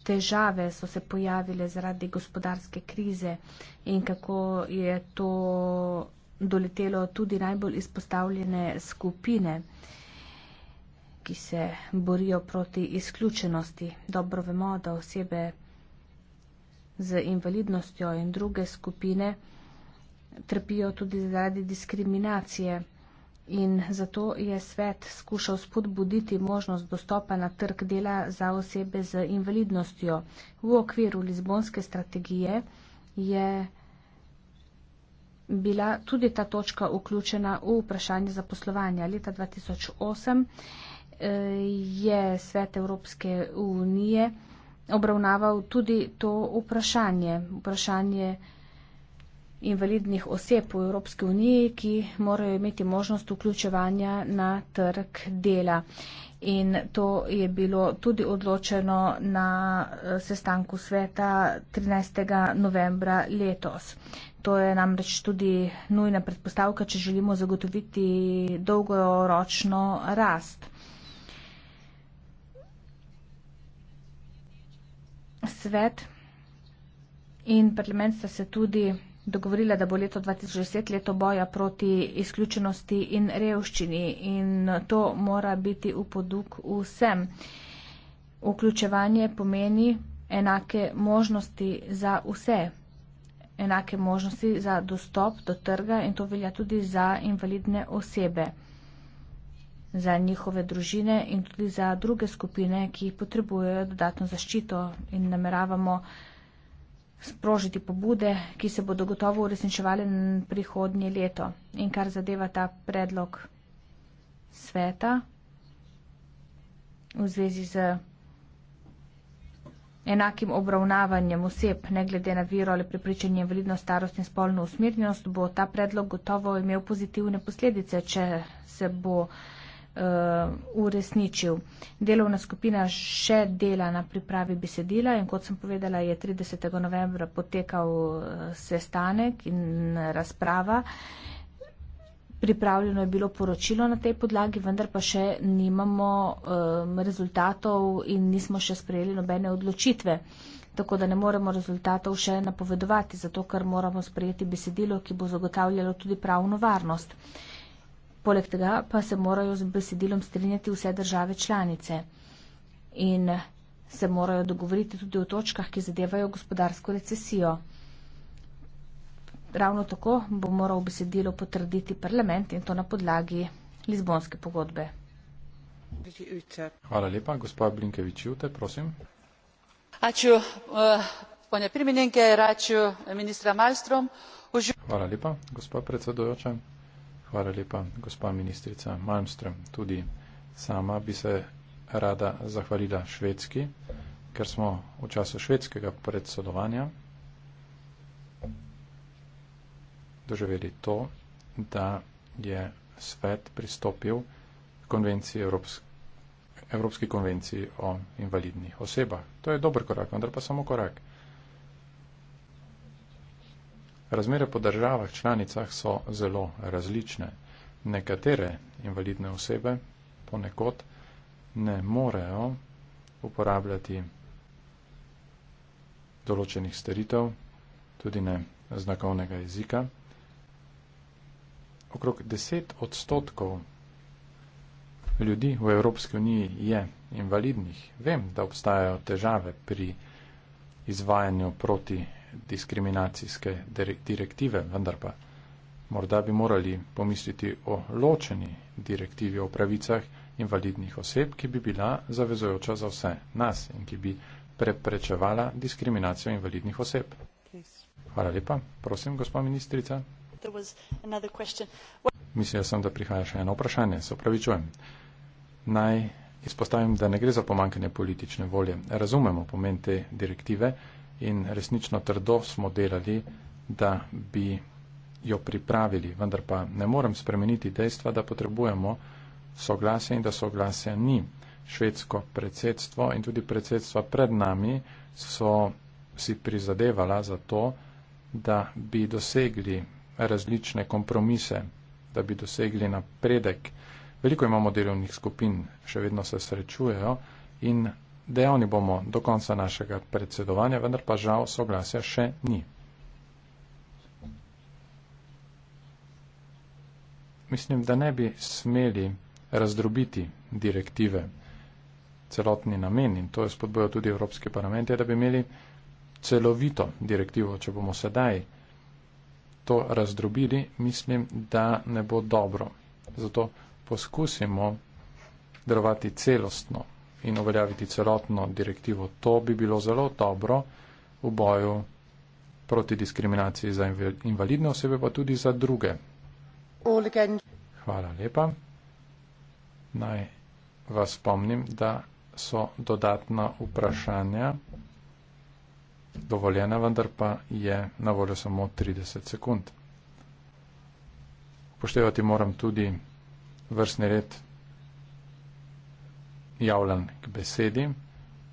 težave so se pojavile zaradi gospodarske krize in kako je to doletelo tudi najbolj izpostavljene skupine, ki se borijo proti izključenosti. Dobro vemo, da osebe z invalidnostjo in druge skupine trpijo tudi zaradi diskriminacije. In zato je svet skušal spodbuditi možnost dostopa na trg dela za osebe z invalidnostjo. V okviru Lizbonske strategije je bila tudi ta točka vključena v vprašanje zaposlovanja. Leta 2008 eh, je svet Evropske unije obravnaval tudi to vprašanje, vprašanje invalidnih oseb v Evropski uniji, ki morajo imeti možnost vključevanja na trg dela. In to je bilo tudi odločeno na eh, sestanku sveta 13. novembra letos. To je namreč tudi nujna predpostavka, če želimo zagotoviti dolgoročno rast. svet in parlament sta se tudi dogovorila, da bo leto 2010 leto boja proti izključenosti in revščini in to mora biti v poduk vsem. Vključevanje pomeni enake možnosti za vse, enake možnosti za dostop do trga in to velja tudi za invalidne osebe za njihove družine in tudi za druge skupine, ki potrebujejo dodatno zaščito in nameravamo sprožiti pobude, ki se bodo gotovo uresničevali prihodnje leto. In kar zadeva ta predlog sveta v zvezi z enakim obravnavanjem oseb, ne glede na viro ali prepričanje, validno starost in spolno usmirjenost, bo ta predlog gotovo imel pozitivne posledice, če se bo Eh, uresničil. Delovna skupina še dela na pripravi besedila in kot sem povedala, je 30. novembra potekal eh, sestanek in mm, razprava. Pripravljeno je bilo poročilo na tej podlagi, vendar pa še nimamo um, rezultatov in nismo še sprejeli nobene odločitve. Tako da ne moremo rezultatov še napovedovati, zato ker moramo sprejeti besedilo, ki bo zagotavljalo tudi pravno varnost. Uh, Poleg tega pa se morajo z besedilom strinjati vse države članice in se morajo dogovoriti tudi o točkah, ki zadevajo gospodarsko recesijo. Ravno tako bo moral besedilo potrditi parlament in to na podlagi Lizbonske pogodbe. Hvala lepa, gospod Blinkevič, jute, prosim. Aču, uh, eh, priminenke, raču, ministra Malstrom. Hvala lepa, gospod predsedujoča. Hvala lepa, gospa ministrica Malmström. Tudi sama bi se rada zahvalila švedski, ker smo v času švedskega predsedovanja doživeli to, da je svet pristopil konvenciji Evropske. Evropski konvenciji o invalidnih osebah. To je dober korak, vendar pa samo korak. Razmere po državah članicah so zelo različne. Nekatere invalidne osebe ponekod ne morejo uporabljati določenih storitev, tudi ne znakovnega jezika. Okrog 10 odstotkov ljudi v Evropski uniji je invalidnih. Vem, da obstajajo težave pri izvajanju proti diskriminacijske direktive, vendar pa morda bi morali pomisliti o ločeni direktivi o pravicah invalidnih oseb, ki bi bila zavezojoča za vse nas in ki bi preprečevala diskriminacijo invalidnih oseb. Hvala lepa. Prosim, gospa ministrica. Mislila sem, da prihaja še eno vprašanje. Se upravičujem. Naj izpostavim, da ne gre za pomankanje politične volje. Razumemo pomen te direktive in resnično trdo smo delali, da bi jo pripravili, vendar pa ne morem spremeniti dejstva, da potrebujemo soglasje in da soglasja ni. Švedsko predsedstvo in tudi predsedstva pred nami so si prizadevala za to, da bi dosegli različne kompromise, da bi dosegli napredek. Veliko imamo delovnih skupin, še vedno se srečujejo in Dejavni bomo do konca našega predsedovanja, vendar pa žal soglasja še ni. Mislim, da ne bi smeli razdrobiti direktive. Celotni namen in to je spodbojo tudi Evropski parlament, je, da bi imeli celovito direktivo. Če bomo sedaj to razdrobili, mislim, da ne bo dobro. Zato poskusimo delovati celostno in uveljaviti celotno direktivo. To bi bilo zelo dobro v boju proti diskriminaciji za invalidne osebe, pa tudi za druge. Hvala lepa. Naj vas spomnim, da so dodatna vprašanja dovoljena, vendar pa je na voljo samo 30 sekund. Poštevati moram tudi vrstni red javljen k besedi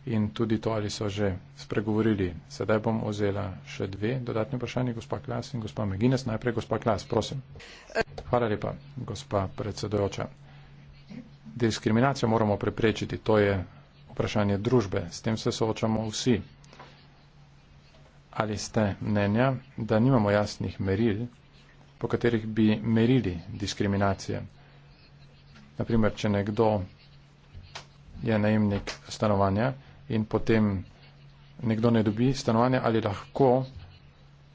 in tudi to, ali so že spregovorili. Sedaj bom ozela še dve dodatne vprašanje, gospa Klas in gospa Megines. Najprej gospa Klas, prosim. Hvala lepa, gospa predsedojoča. Diskriminacijo moramo preprečiti, to je vprašanje družbe. S tem se soočamo vsi. Ali ste mnenja, da nimamo jasnih meril, po katerih bi merili diskriminacije? Naprimer, če nekdo je najemnik stanovanja in potem nekdo ne dobi stanovanja ali lahko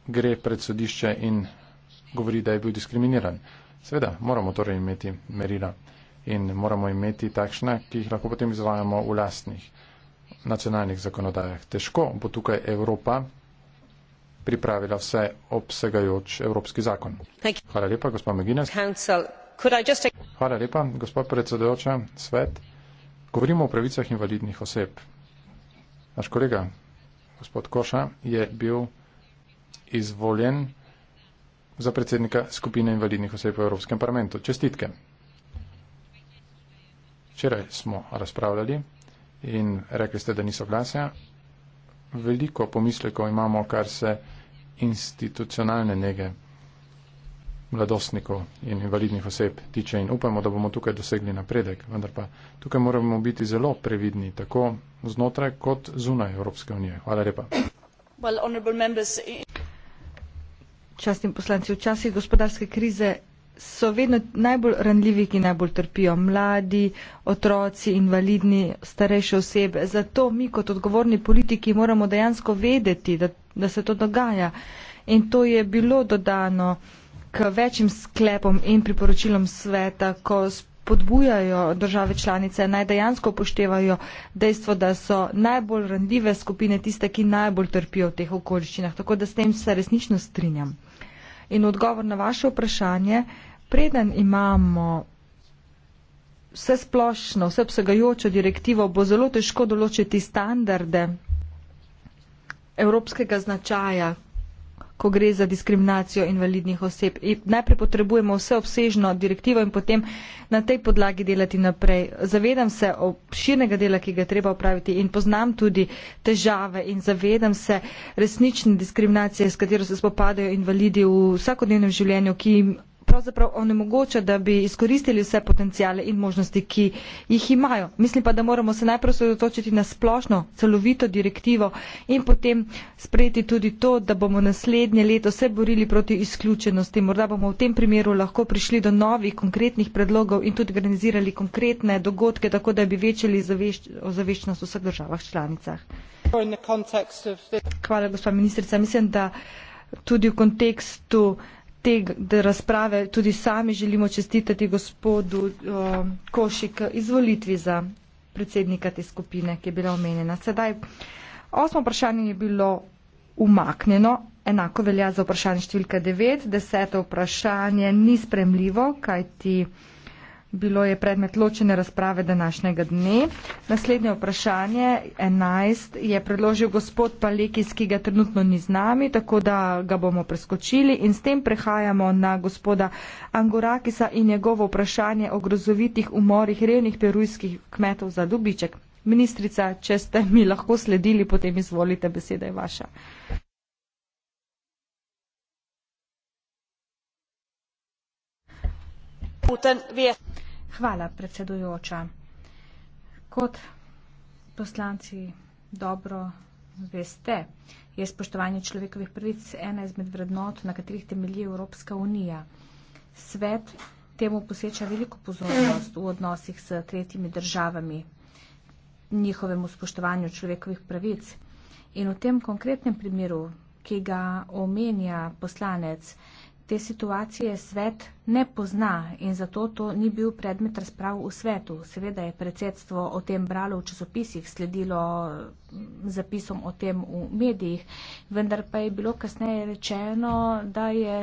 gre pred sodišče in govori, da je bil diskriminiran. Seveda, moramo torej imeti merila in moramo imeti takšna, ki jih lahko potem izvajamo v lastnih nacionalnih zakonodajah. Težko bo tukaj Evropa pripravila vse obsegajoč evropski zakon. Hvala lepa, gospod Meginas. Hvala lepa, gospod predsedujoča, svet. Govorimo o pravicah invalidnih oseb. Naš kolega, gospod Koša, je bil izvoljen za predsednika skupine invalidnih oseb v Evropskem parlamentu. Čestitke. Včeraj smo razpravljali in rekli ste, da ni soglasja. Veliko pomislekov imamo, kar se institucionalne nege mladostnikov in invalidnih oseb tiče in upamo, da bomo tukaj dosegli napredek. Vendar pa tukaj moramo biti zelo previdni, tako znotraj kot zunaj Evropske unije. Hvala lepa. Well, Častim poslanci, v časih gospodarske krize so vedno najbolj ranljivi, ki najbolj trpijo mladi, otroci, invalidni, starejše osebe. Zato mi kot odgovorni politiki moramo dejansko vedeti, da, da se to dogaja. In to je bilo dodano k večjim sklepom in priporočilom sveta, ko spodbujajo države članice, naj dejansko upoštevajo dejstvo, da so najbolj randljive skupine tiste, ki najbolj trpijo v teh okoliščinah. Tako da s tem se resnično strinjam. In odgovor na vaše vprašanje, preden imamo vse splošno, vse obsegajočo direktivo, bo zelo težko določiti standarde evropskega značaja, ko gre za diskriminacijo invalidnih oseb. In najprej potrebujemo vseobsežno direktivo in potem na tej podlagi delati naprej. Zavedam se obširnega dela, ki ga treba opraviti in poznam tudi težave in zavedam se resnične diskriminacije, s katero se spopadajo invalidi v vsakodnevnem življenju, ki jim pravzaprav onemogoča, da bi izkoristili vse potencijale in možnosti, ki jih imajo. Mislim pa, da moramo se najprej sodotočiti na splošno, celovito direktivo in potem sprejeti tudi to, da bomo naslednje leto se borili proti izključenosti. Morda bomo v tem primeru lahko prišli do novih konkretnih predlogov in tudi organizirali konkretne dogodke, tako da bi večali ozaveščenost v vseh državah članicah. Hvala, gospa ministrica. Mislim, da tudi v kontekstu te razprave tudi sami želimo čestitati gospodu uh, Košik izvolitvi za predsednika te skupine, ki je bila omenjena. Sedaj, osmo vprašanje je bilo umaknjeno, enako velja za vprašanje številka devet, deseto vprašanje ni spremljivo, kajti uh, bilo je predmet ločene razprave današnjega dne. Naslednje vprašanje, 11, je predložil gospod Palekis, ki ga trenutno ni z nami, tako da ga bomo preskočili in s tem prehajamo na gospoda Angurakisa in njegovo vprašanje o grozovitih umorih revnih perujskih kmetov za dobiček. Ministrica, če ste mi lahko sledili, potem izvolite, beseda je vaša. Putin, Hvala, predsedujoča. Kot poslanci dobro veste, je spoštovanje človekovih pravic ena izmed vrednot, na katerih temelji Evropska unija. Svet temu poseča veliko pozornost v odnosih s tretjimi državami, njihovemu spoštovanju človekovih pravic. In v tem konkretnem primeru, ki ga omenja poslanec, te situacije svet ne pozna in zato to ni bil predmet razprav v svetu. Seveda je predsedstvo o tem bralo v časopisih, sledilo zapisom o tem v medijih, vendar pa je bilo kasneje rečeno, da je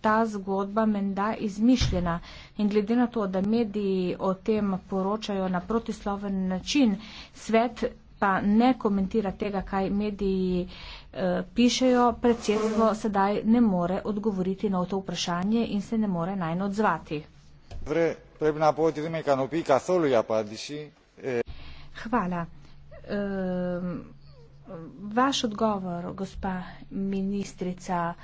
ta zgodba menda izmišljena in glede na to, da mediji o tem poročajo na protisloven način, svet pa ne komentira tega, kaj mediji eh, Eh, pišejo, predsedstvo sedaj ne more odgovoriti na to vprašanje in se ne more naj odzvati. No, ja eh. Hvala. Ehm, vaš odgovor, gospa ministrica,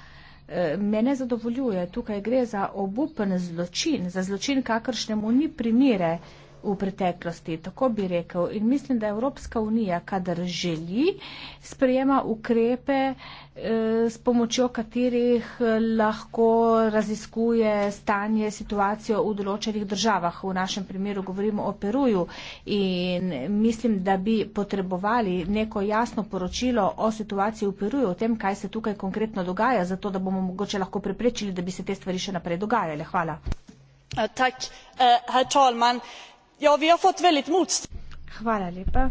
eh, me ne zadovoljuje. Tukaj gre za obupen zločin, za zločin, kakršnemu ni primere v preteklosti. Tako bi rekel. In mislim, da Evropska unija, kadar želi, sprejema ukrepe, eh, s pomočjo katerih eh, lahko raziskuje stanje, situacijo v določenih državah. V našem primeru govorimo o Peruju in mislim, da bi potrebovali neko jasno poročilo o situaciji v Peruju, o tem, kaj se tukaj konkretno dogaja, zato da bomo mogoče lahko preprečili, da bi se te stvari še naprej dogajale. Hvala. Uh, tak, uh, Ja, vi har fått veliko moč. Hvala lepa.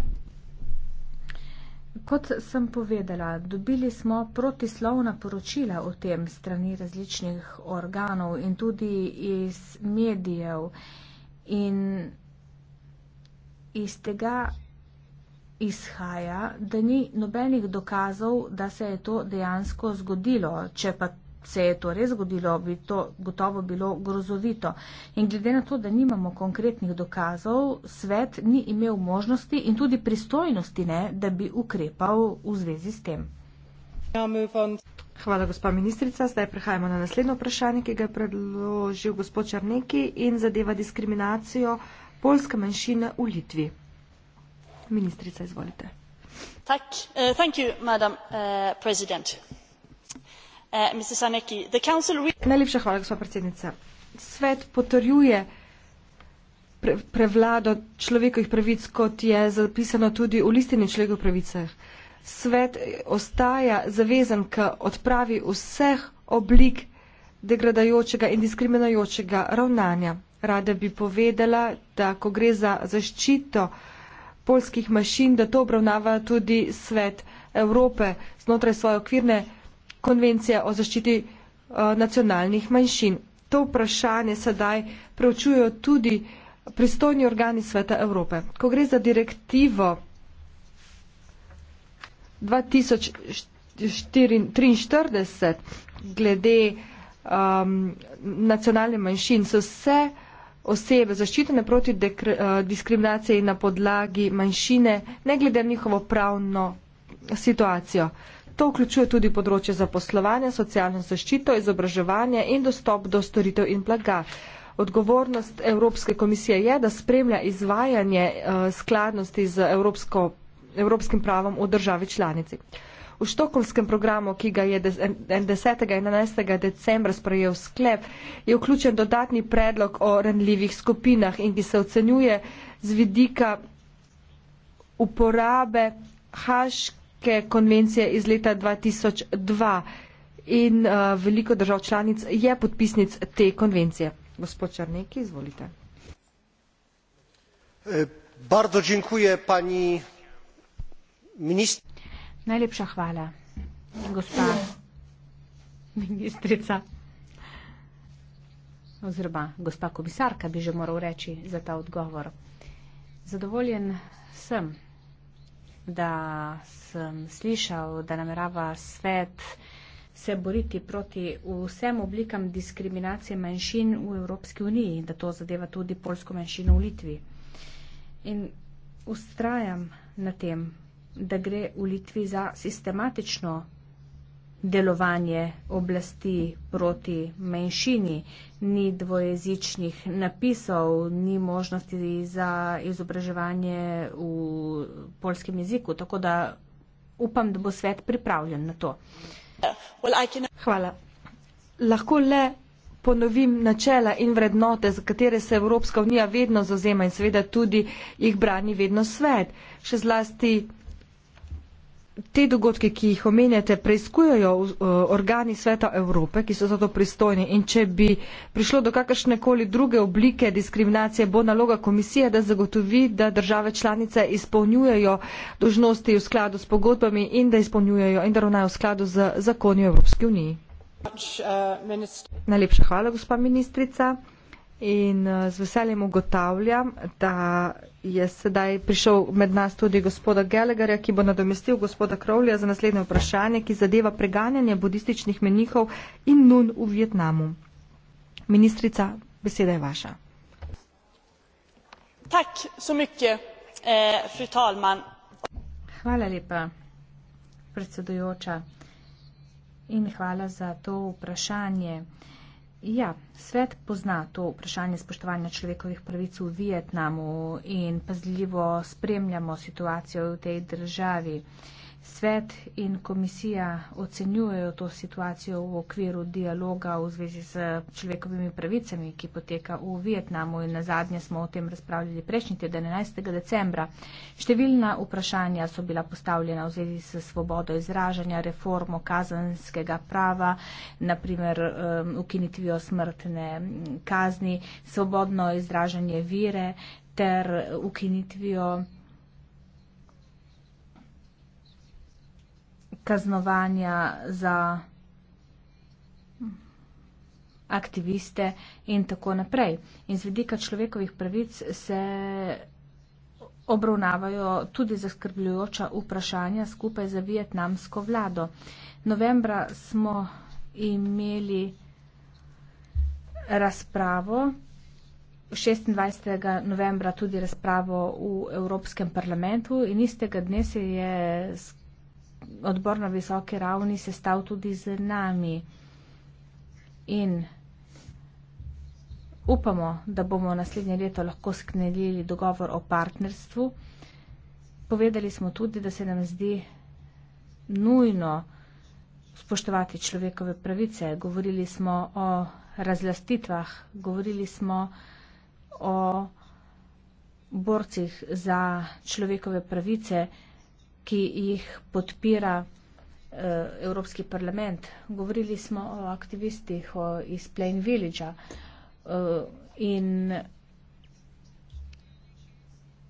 Kot sem povedala, dobili smo protislovna poročila o tem strani različnih organov in tudi iz medijev. In iz tega izhaja, da ni nobenih dokazov, da se je to dejansko zgodilo. Če pa se je to res zgodilo, bi to gotovo bilo grozovito. In glede na to, da nimamo konkretnih dokazov, svet ni imel možnosti in tudi pristojnosti, ne, da bi ukrepal v zvezi s tem. Hvala, gospa ministrica. Zdaj prehajamo na naslednjo vprašanje, ki ga je predložil gospod Črneki in zadeva diskriminacijo polske manjšine v Litvi. Ministrica, izvolite. Tak, uh, thank you, madam, uh, Eh, Najlepša hvala, gospa predsednica. Svet potrjuje pre, prevlado človekovih pravic, kot je zapisano tudi v listini človekovih pravic. Svet eh, ostaja zavezan k odpravi vseh oblik degradajočega in diskriminajočega ravnanja. Rada bi povedala, da ko gre za zaščito polskih mašin, da to obravnava tudi svet Evrope znotraj svoje okvirne konvencije o zaščiti eh, nacionalnih manjšin. To vprašanje sedaj preučujejo tudi pristojni organi Sveta Evrope. Ko gre za direktivo 2043 glede um, nacionalnih manjšin, so vse osebe zaščitene proti eh, diskriminaciji na podlagi manjšine, ne glede na njihovo pravno situacijo. To vključuje tudi področje zaposlovanja, socialno zaščito, izobraževanje in dostop do storitev in blaga. Odgovornost Evropske komisije je, da spremlja izvajanje eh, skladnosti z evropsko, evropskim pravom v državi članici. V štokolskem programu, ki ga je 10. in 11. decembra sprejel sklep, je vključen dodatni predlog o renljivih skupinah in ki se ocenjuje z vidika uporabe haške Istanbulske konvencije iz leta 2002 in uh, veliko držav članic je podpisnic te konvencije. Gospod Črneki, izvolite. Eh, Bardo dziękuję pani ministr. Najlepša hvala, gospa ministrica. Oziroma, gospa komisarka bi že moral reči za ta odgovor. Zadovoljen sem da sem slišal, da namerava svet se boriti proti vsem oblikam diskriminacije manjšin v Evropski uniji in da to zadeva tudi polsko manjšino v Litvi. In ustrajam na tem, da gre v Litvi za sistematično delovanje oblasti proti manjšini, ni dvojezičnih napisov, ni možnosti za izobraževanje v polskem jeziku, tako da upam, da bo svet pripravljen na to. Hvala. Lahko le ponovim načela in vrednote, za katere se Evropska unija vedno zazema in seveda tudi jih brani vedno svet. Še zlasti te dogodke, ki jih omenjate, preizkujajo uh, organi Sveta Evrope, ki so za to pristojni in če bi prišlo do kakršnekoli druge oblike diskriminacije, bo naloga komisije, da zagotovi, da države članice izpolnjujejo dožnosti v skladu s pogodbami in da izpolnjujejo in da ravnajo v skladu z zakonjo Evropske unije. Uh, Najlepša hvala, gospa ministrica. In uh, z veseljem ugotavljam, da je sedaj prišel med nas tudi gospoda Gelegarja, ki bo nadomestil gospoda Krovlja za naslednje vprašanje, ki zadeva preganjanje budističnih menihov in nun v Vietnamu. Ministrica, beseda je vaša. Tak, so mykje, eh, hvala lepa, predsedujoča. In hvala za to vprašanje. Eh, Ja, svet pozna to vprašanje spoštovanja človekovih pravic v Vietnamu in pazljivo spremljamo situacijo v tej državi. Svet in komisija ocenjujejo to situacijo v okviru dialoga v zvezi s človekovimi pravicami, ki poteka v Vietnamu in na zadnje smo o tem razpravljali prejšnji teden 11. decembra. Številna vprašanja so bila postavljena v zvezi s svobodo izražanja, reformo kazanskega prava, naprimer um, ukinitvijo smrtne kazni, svobodno izražanje vire ter ukinitvijo kaznovanja za aktiviste in tako naprej. In z vidika človekovih pravic se obravnavajo tudi zaskrbljujoča vprašanja skupaj za vietnamsko vlado. Novembra smo imeli razpravo, 26. novembra tudi razpravo v Evropskem parlamentu in istega dne se je skrbljujoča odbor na visoki ravni sestav tudi z nami. In upamo, da bomo naslednje leto lahko sknedili dogovor o partnerstvu. Povedali smo tudi, da se nam zdi nujno spoštovati človekove pravice. Govorili smo o razlastitvah, govorili smo o borcih za človekove pravice ki jih podpira eh, Evropski parlament. Govorili smo o aktivistih o, iz Plain Village eh, in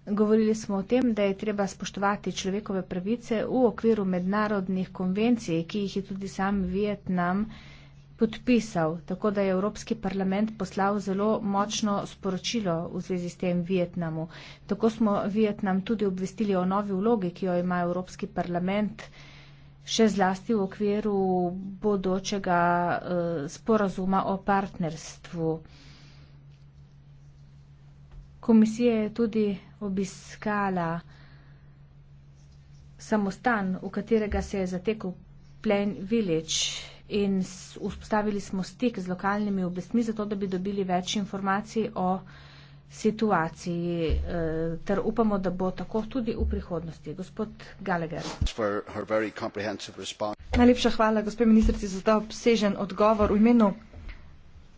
govorili smo o tem, da je treba spoštovati človekove pravice v okviru mednarodnih konvencij, ki jih je tudi sam Vietnam podpisal, tako da je Evropski parlament poslal zelo močno sporočilo v zvezi s tem Vietnamu. Tako smo Vietnam tudi obvestili o novi vlogi, ki jo ima Evropski parlament, še zlasti v okviru bodočega eh, sporazuma o partnerstvu. Komisija je tudi obiskala samostan, v katerega se je zatekl Plain Village in vzpostavili smo stik z lokalnimi oblastmi, zato da bi dobili več informacij o situaciji, e, ter upamo, da bo tako tudi v prihodnosti. Gospod Gallagher. Najlepša hvala, gospod ministrici, za ta obsežen odgovor. V imenu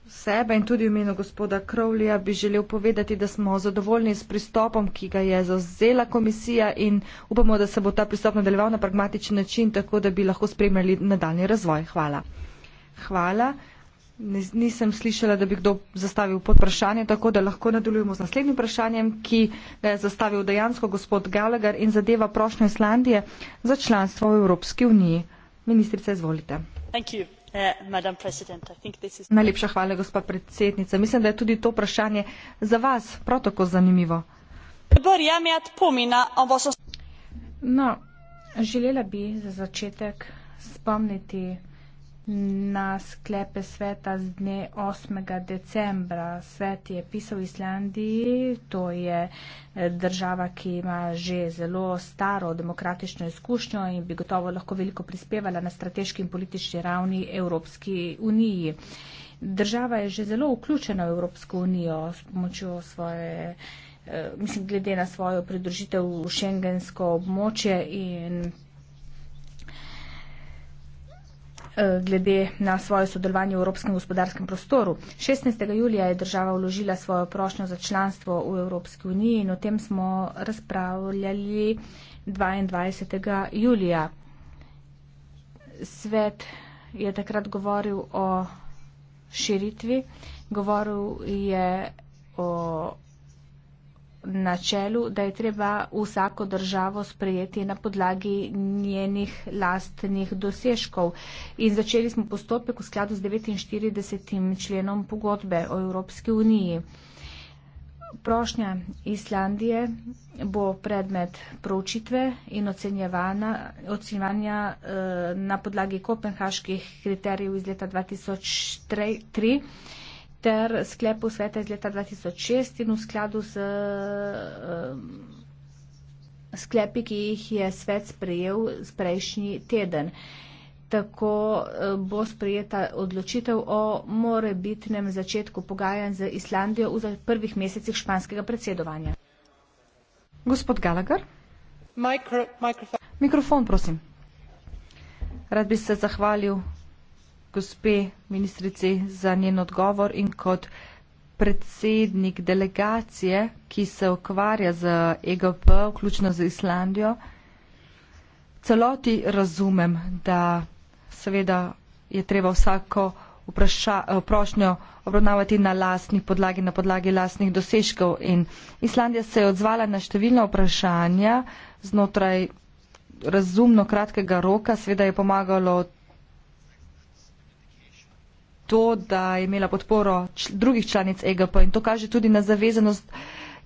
sebe in tudi v imenu gospoda Krovlja bi želel povedati, da smo zadovoljni s pristopom, ki ga je zauzela komisija in upamo, da se bo ta pristop nadaljeval na pragmatičen način, tako da bi lahko spremljali nadaljni razvoj. Hvala. Hvala. Nisem slišala, da bi kdo zastavil pod vprašanje, tako da lahko nadaljujemo z naslednjim vprašanjem, ki ga je zastavil dejansko gospod Gallagher in zadeva prošnjo Islandije za članstvo v Evropski uniji. Ministrica, izvolite. Thank you. Eh, Najlepša hvala, gospa predsednica. Mislim, da je tudi to vprašanje za vas prav tako zanimivo. No, želela bi za začetek spomniti na sklepe sveta z dne 8. decembra. Svet je pisal Islandiji, to je eh, država, ki ima že zelo staro demokratično izkušnjo in bi gotovo lahko veliko prispevala na strateški in politični ravni Evropski uniji. Država je že zelo vključena v Evropsko unijo s pomočjo svoje eh, mislim, glede na svojo pridružitev v šengensko območje in Eh, glede na svoje sodelovanje v Evropskem gospodarskem prostoru. 16. julija je država vložila svojo prošnjo za članstvo v Evropski uniji in o tem smo razpravljali 22. julija. Svet je takrat govoril o širitvi, govoril je o načelu, da je treba vsako državo sprejeti na podlagi njenih lastnih dosežkov. In začeli smo postopek v skladu z 49. členom pogodbe o Evropski uniji. Prošnja Islandije bo predmet proučitve in ocenjevanja eh, na podlagi kopenhaških kriterijev iz leta 2003 ter sklepu sveta iz leta 2006 in v skladu z uh, sklepi, ki jih je svet sprejel z prejšnji teden. Tako uh, bo sprejeta odločitev o morebitnem začetku pogajanj z Islandijo v prvih mesecih španskega predsedovanja. Gospod Gallagher. Mikro, mikrofon. mikrofon, prosim. Rad bi se zahvalil gospe ministrici za njen odgovor in kot predsednik delegacije, ki se ukvarja z EGP, vključno z Islandijo. Celoti razumem, da seveda je treba vsako prošnjo obravnavati na lastni podlagi, na podlagi lastnih dosežkov. In Islandija se je odzvala na številna vprašanja znotraj razumno kratkega roka, seveda je pomagalo to, da je imela podporo drugih članic EGP in to kaže tudi na zavezanost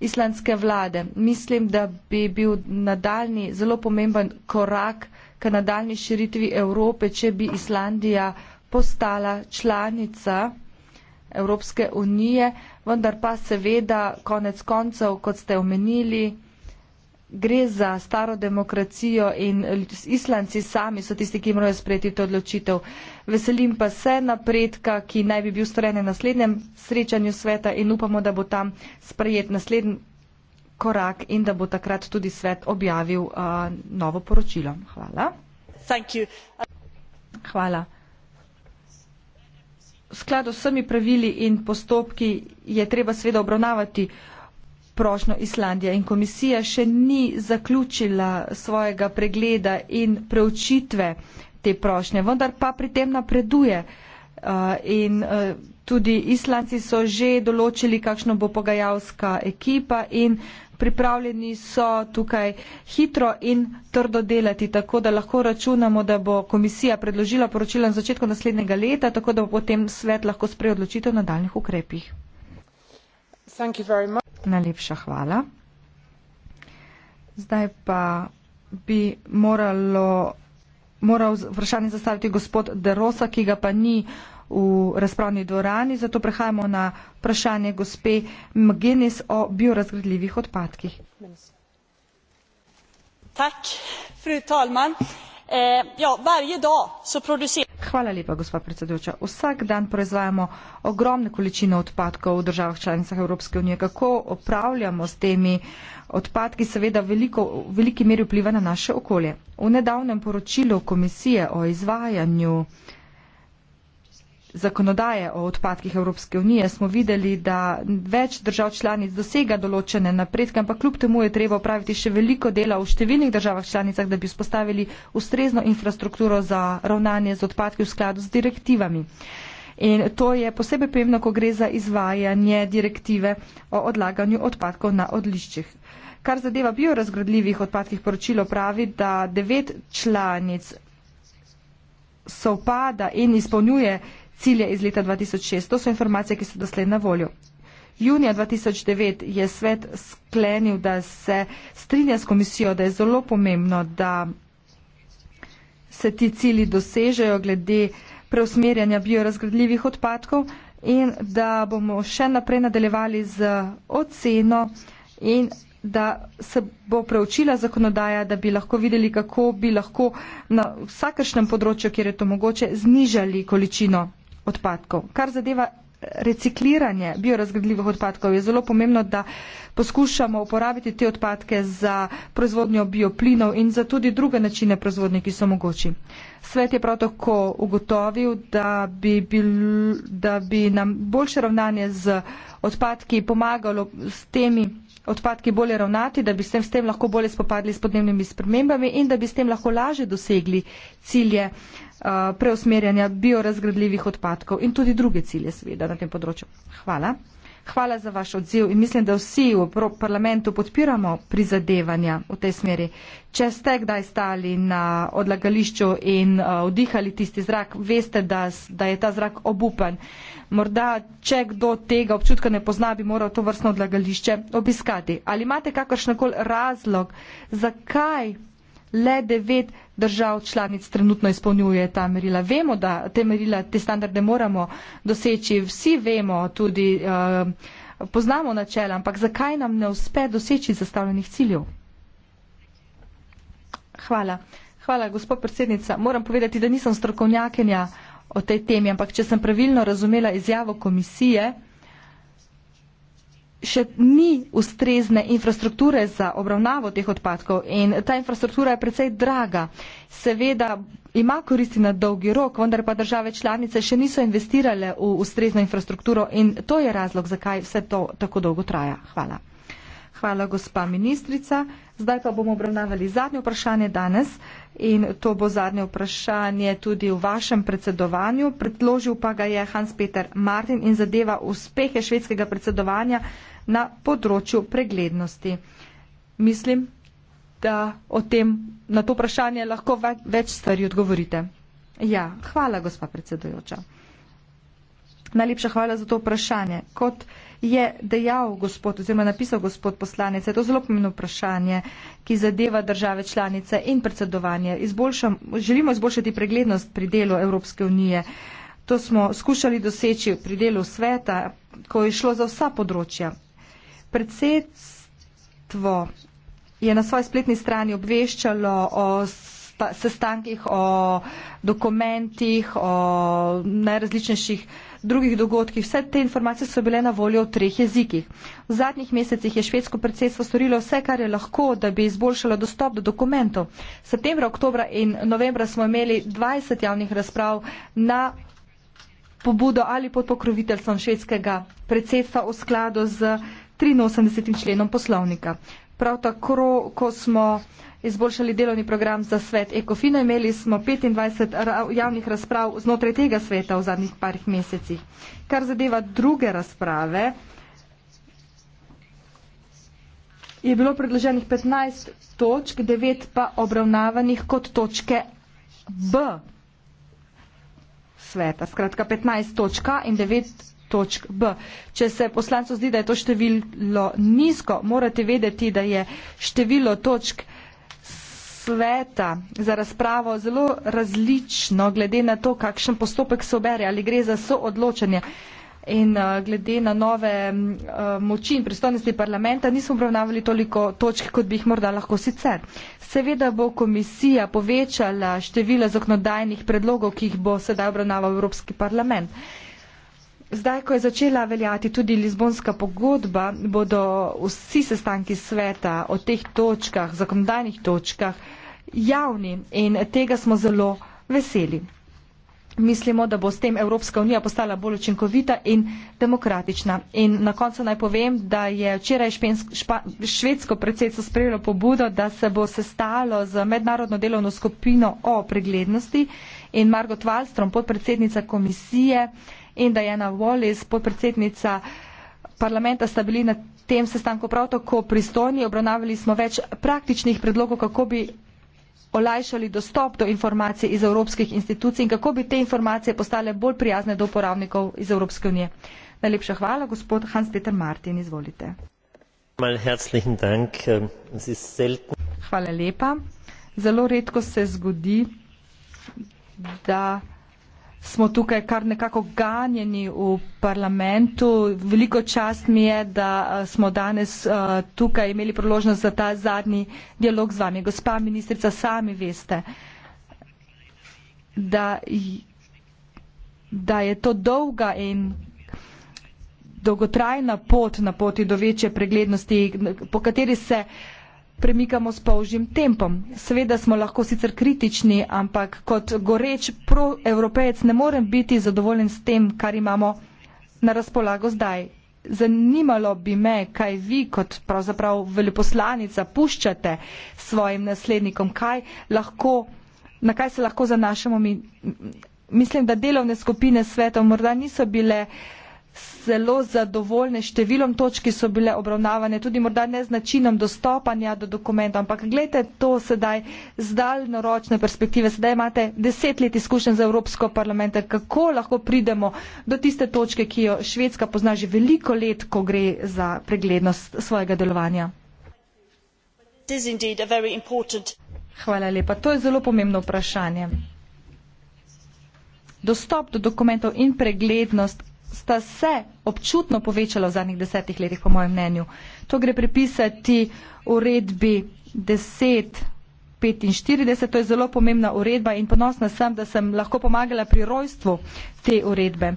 islandske vlade. Mislim, da bi bil nadaljni zelo pomemben korak k nadaljni širitvi Evrope, če bi Islandija postala članica Evropske unije, vendar pa seveda konec koncev, kot ste omenili, gre za staro demokracijo in islanci sami so tisti, ki morajo sprejeti to odločitev. Veselim pa se napredka, ki naj bi bil storjen na naslednjem srečanju sveta in upamo, da bo tam sprejet naslednji korak in da bo takrat tudi svet objavil uh, novo poročilo. Hvala. Hvala. V skladu s vsemi pravili in postopki je treba sveda obravnavati uh, prošnjo Islandija in komisija še ni zaključila svojega pregleda in preučitve te prošnje, vendar pa pri tem napreduje. Eh, in eh, tudi Islandci so že določili, kakšno bo pogajalska ekipa in pripravljeni so tukaj hitro in trdo delati, tako da lahko računamo, da bo komisija predložila poročilo na začetku naslednjega leta, tako da bo potem svet lahko sprejel odločitev na daljnih ukrepih. Najlepša hvala. Zdaj pa bi moralo, moral vprašanje zastaviti gospod Derosa, ki ga pa ni v razpravni dvorani, zato prehajamo na vprašanje gospe Mgenis o biorazgradljivih odpadkih. Tak, fru talman. Eh, ja, gospa predsedujoča. Vsak dan proizvajamo ogromne količine odpadkov v državah članicah Evropske unije. Kako opravljamo s temi odpadki, seveda veliko, v veliki meri vpliva na naše okolje. V nedavnem poročilu komisije o izvajanju zakonodaje o odpadkih Evropske unije smo videli, da več držav članic dosega določene napredke, ampak kljub temu je treba opraviti še veliko dela v številnih državah članicah, da bi vzpostavili ustrezno infrastrukturo za ravnanje z odpadki v skladu z direktivami. In to je posebej pomembno, ko gre za izvajanje direktive o odlaganju odpadkov na odliščih. Kar zadeva biorazgradljivih odpadkih, poročilo pravi, da devet članic sovpada in izpolnjuje cilje iz leta 2006. To so informacije, ki so doslej na voljo. Junija 2009 je svet sklenil, da se strinja s komisijo, da je zelo pomembno, da se ti cilji dosežejo glede preusmerjanja biorazgradljivih odpadkov in da bomo še naprej nadaljevali z oceno in da se bo preučila zakonodaja, da bi lahko videli, kako bi lahko na vsakršnem področju, kjer je to mogoče, znižali količino odpadkov. Kar zadeva eh, recikliranje biorazgradljivih odpadkov, je zelo pomembno, da poskušamo uporabiti te odpadke za proizvodnjo bioplinov in za tudi druge načine proizvodnje, ki so mogoči. Svet je prav tako ugotovil, da bi, bil, da bi nam boljše ravnanje z odpadki pomagalo s temi odpadki bolje ravnati, da bi se s tem lahko bolje spopadli s podnebnimi spremembami in da bi s tem lahko laže dosegli cilje uh, preusmerjanja biorazgradljivih odpadkov in tudi druge cilje, seveda, na tem področju. Hvala. Hvala za vaš odziv in mislim, da vsi v parlamentu podpiramo prizadevanja v tej smeri. Če ste kdaj stali na odlagališču in uh, vdihali tisti zrak, veste, da, da je ta zrak obupen. Morda, če kdo tega občutka ne pozna, bi moral to vrstno odlagališče obiskati. Ali imate kakršnakol razlog, zakaj le devet držav članic trenutno izpolnjuje ta merila. Vemo, da te merila, te standarde moramo doseči, vsi vemo, tudi uh, poznamo načela, ampak zakaj nam ne uspe doseči zastavljenih ciljev? Hvala. Hvala, gospod predsednica. Moram povedati, da nisem strokovnjakinja o tej temi, ampak če sem pravilno razumela izjavo komisije, še ni ustrezne infrastrukture za obravnavo teh odpadkov in ta infrastruktura je precej draga. Seveda ima koristi na dolgi rok, vendar pa države članice še niso investirale v ustrezno infrastrukturo in to je razlog, zakaj vse to tako dolgo traja. Hvala. Hvala, gospa ministrica. Zdaj pa bomo obravnavali zadnje vprašanje danes in to bo zadnje vprašanje tudi v vašem predsedovanju. Predložil pa ga je Hans-Peter Martin in zadeva uspehe švedskega predsedovanja na področju preglednosti. Mislim, da o tem, na to vprašanje lahko več stvari odgovorite. Ja, hvala, gospa predsedujoča. Najlepša hvala za to vprašanje. Kot je dejal gospod oziroma napisal gospod poslanec, je to zelo pomembno vprašanje, ki zadeva države članice in predsedovanje. Izboljšam, želimo izboljšati preglednost pri delu Evropske unije. To smo skušali doseči pri delu sveta, ko je šlo za vsa področja. Predsedstvo je na svoji spletni strani obveščalo o sestankih, o dokumentih, o najrazličnejših drugih dogodkih. Vse te informacije so bile na voljo v treh jezikih. V zadnjih mesecih je švedsko predsedstvo storilo vse, kar je lahko, da bi izboljšalo dostop do dokumentov. Septembra, oktobra in novembra smo imeli 20 javnih razprav na pobudo ali pod pokroviteljstvom švedskega predsedstva v skladu z 83. členom poslovnika. Prav tako, ko smo izboljšali delovni program za svet Ekofina. Imeli smo 25 javnih razprav znotraj tega sveta v zadnjih parih mesecih. Kar zadeva druge razprave, je bilo predloženih 15 točk, 9 pa obravnavanih kot točke B sveta. Skratka, 15 točka in 9 točk B. Če se poslancu zdi, da je to število nizko, morate vedeti, da je število točk eh, sveta za razpravo zelo različno, glede na to, kakšen postopek se obere, ali gre za soodločanje. In uh, glede na nove uh, moči in pristojnosti parlamenta nismo obravnavali toliko točk, kot bi jih morda lahko sicer. Seveda bo komisija povečala število zakonodajnih predlogov, ki jih bo sedaj obravnaval Evropski parlament. Zdaj, ko je začela veljati tudi Lizbonska pogodba, bodo vsi sestanki sveta o teh točkah, zakonodajnih točkah, uh, javni in tega smo zelo veseli. Mislimo, da bo s tem Evropska unija postala bolj učinkovita in demokratična. In na koncu naj povem, da je včeraj špensk, špa, švedsko predsedstvo sprejelo pobudo, da se bo sestalo z mednarodno delovno skupino o preglednosti in Margot Wallstrom, podpredsednica komisije in Diana Wallis, podpredsednica parlamenta, sta bili na tem sestanku prav tako pristojni. Obravnavali smo več praktičnih predlogov, kako bi olajšali dostop do informacij iz evropskih institucij in kako bi te informacije postale bolj prijazne do uporabnikov iz Evropske unije. Najlepša hvala, gospod Hans Peter Martin, izvolite. Ähm, hvala lepa. Zelo redko se zgodi, da smo tukaj kar nekako ganjeni v parlamentu. Veliko čast mi je, da eh, smo danes eh, tukaj imeli priložnost za ta zadnji dialog z vami. Gospa ministrica, sami veste, da, da je to dolga in dolgotrajna pot na poti do večje preglednosti, po kateri se uh, premikamo s polžjim tempom. Seveda smo lahko sicer kritični, ampak kot goreč proevropejec ne morem biti zadovoljen s tem, kar imamo na razpolago zdaj. Zanimalo bi me, kaj vi kot pravzaprav veljoposlanica puščate svojim naslednikom, kaj lahko, na kaj se lahko zanašamo mi. Mislim, da delovne skupine svetov morda niso bile uh, zelo zadovoljne številom točk, ki so bile obravnavane, tudi morda ne z načinom dostopanja do dokumentov, ampak gledajte to sedaj z daljnoročne perspektive. Sedaj imate deset let izkušen za Evropsko parlament, kako lahko pridemo do tiste točke, ki jo Švedska pozna že veliko let, ko gre za preglednost svojega delovanja. Hvala lepa. To je zelo pomembno vprašanje. Dostop do dokumentov in preglednost, sta se občutno povečala v zadnjih desetih letih, po mojem mnenju. To gre pripisati uredbi 10. 45, to je zelo pomembna uredba in ponosna sem, da sem lahko pomagala pri rojstvu te uredbe.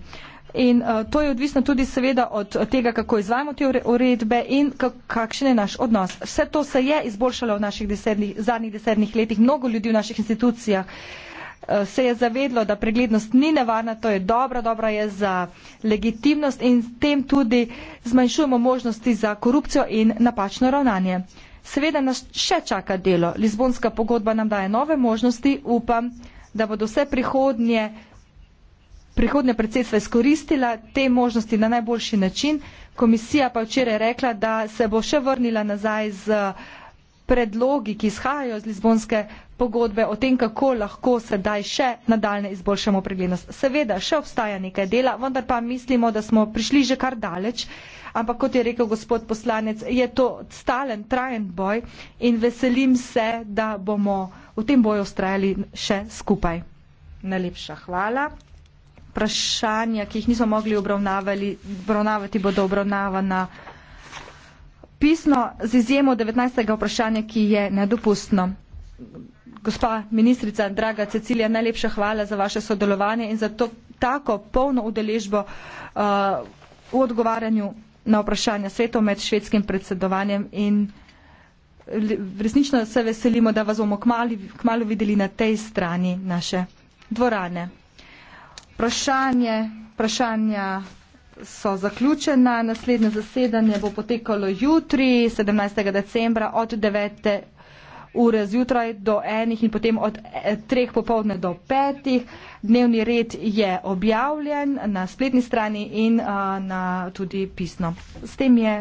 In uh, to je odvisno tudi seveda od tega, kako izvajamo te uredbe in kakšen je naš odnos. Vse to se je izboljšalo v naših desetnih, zadnjih desetnih letih. Mnogo ljudi v naših institucijah uh, Eh, se je zavedlo, da preglednost ni nevarna, to je dobra, dobra je za legitimnost in s tem tudi zmanjšujemo možnosti za korupcijo in napačno ravnanje. Seveda nas še čaka delo. Lizbonska pogodba nam daje nove možnosti. Upam, da bodo vse prihodnje, prihodnje predsedstva izkoristila te možnosti na najboljši način. Komisija pa včeraj rekla, da se bo še vrnila nazaj z predlogi, ki izhajajo iz Lizbonske pogodbe o tem, kako lahko sedaj še nadaljne izboljšamo preglednost. Seveda, še obstaja nekaj dela, vendar pa mislimo, da smo prišli že kar daleč, ampak kot je rekel gospod poslanec, je to stalen, trajen boj in veselim se, da bomo v tem boju ustrajali še skupaj. Najlepša hvala. Vprašanja, ki jih nismo mogli obravnavati, bodo obravnavana pisno z izjemo 19. vprašanja, ki je nedopustno. Gospa ministrica, draga Cecilija, najlepša hvala za vaše sodelovanje in za to tako polno udeležbo uh, v odgovarjanju na vprašanja svetov med švedskim predsedovanjem in resnično se veselimo, da vas bomo kmalo videli na tej strani naše dvorane. Vprašanje, vprašanja so zaključena. Naslednje zasedanje bo potekalo jutri, 17. decembra od 9 ure zjutraj do enih in potem od eh, treh popovdne do petih. Dnevni red je objavljen na spletni strani in uh, na tudi pisno. S tem je.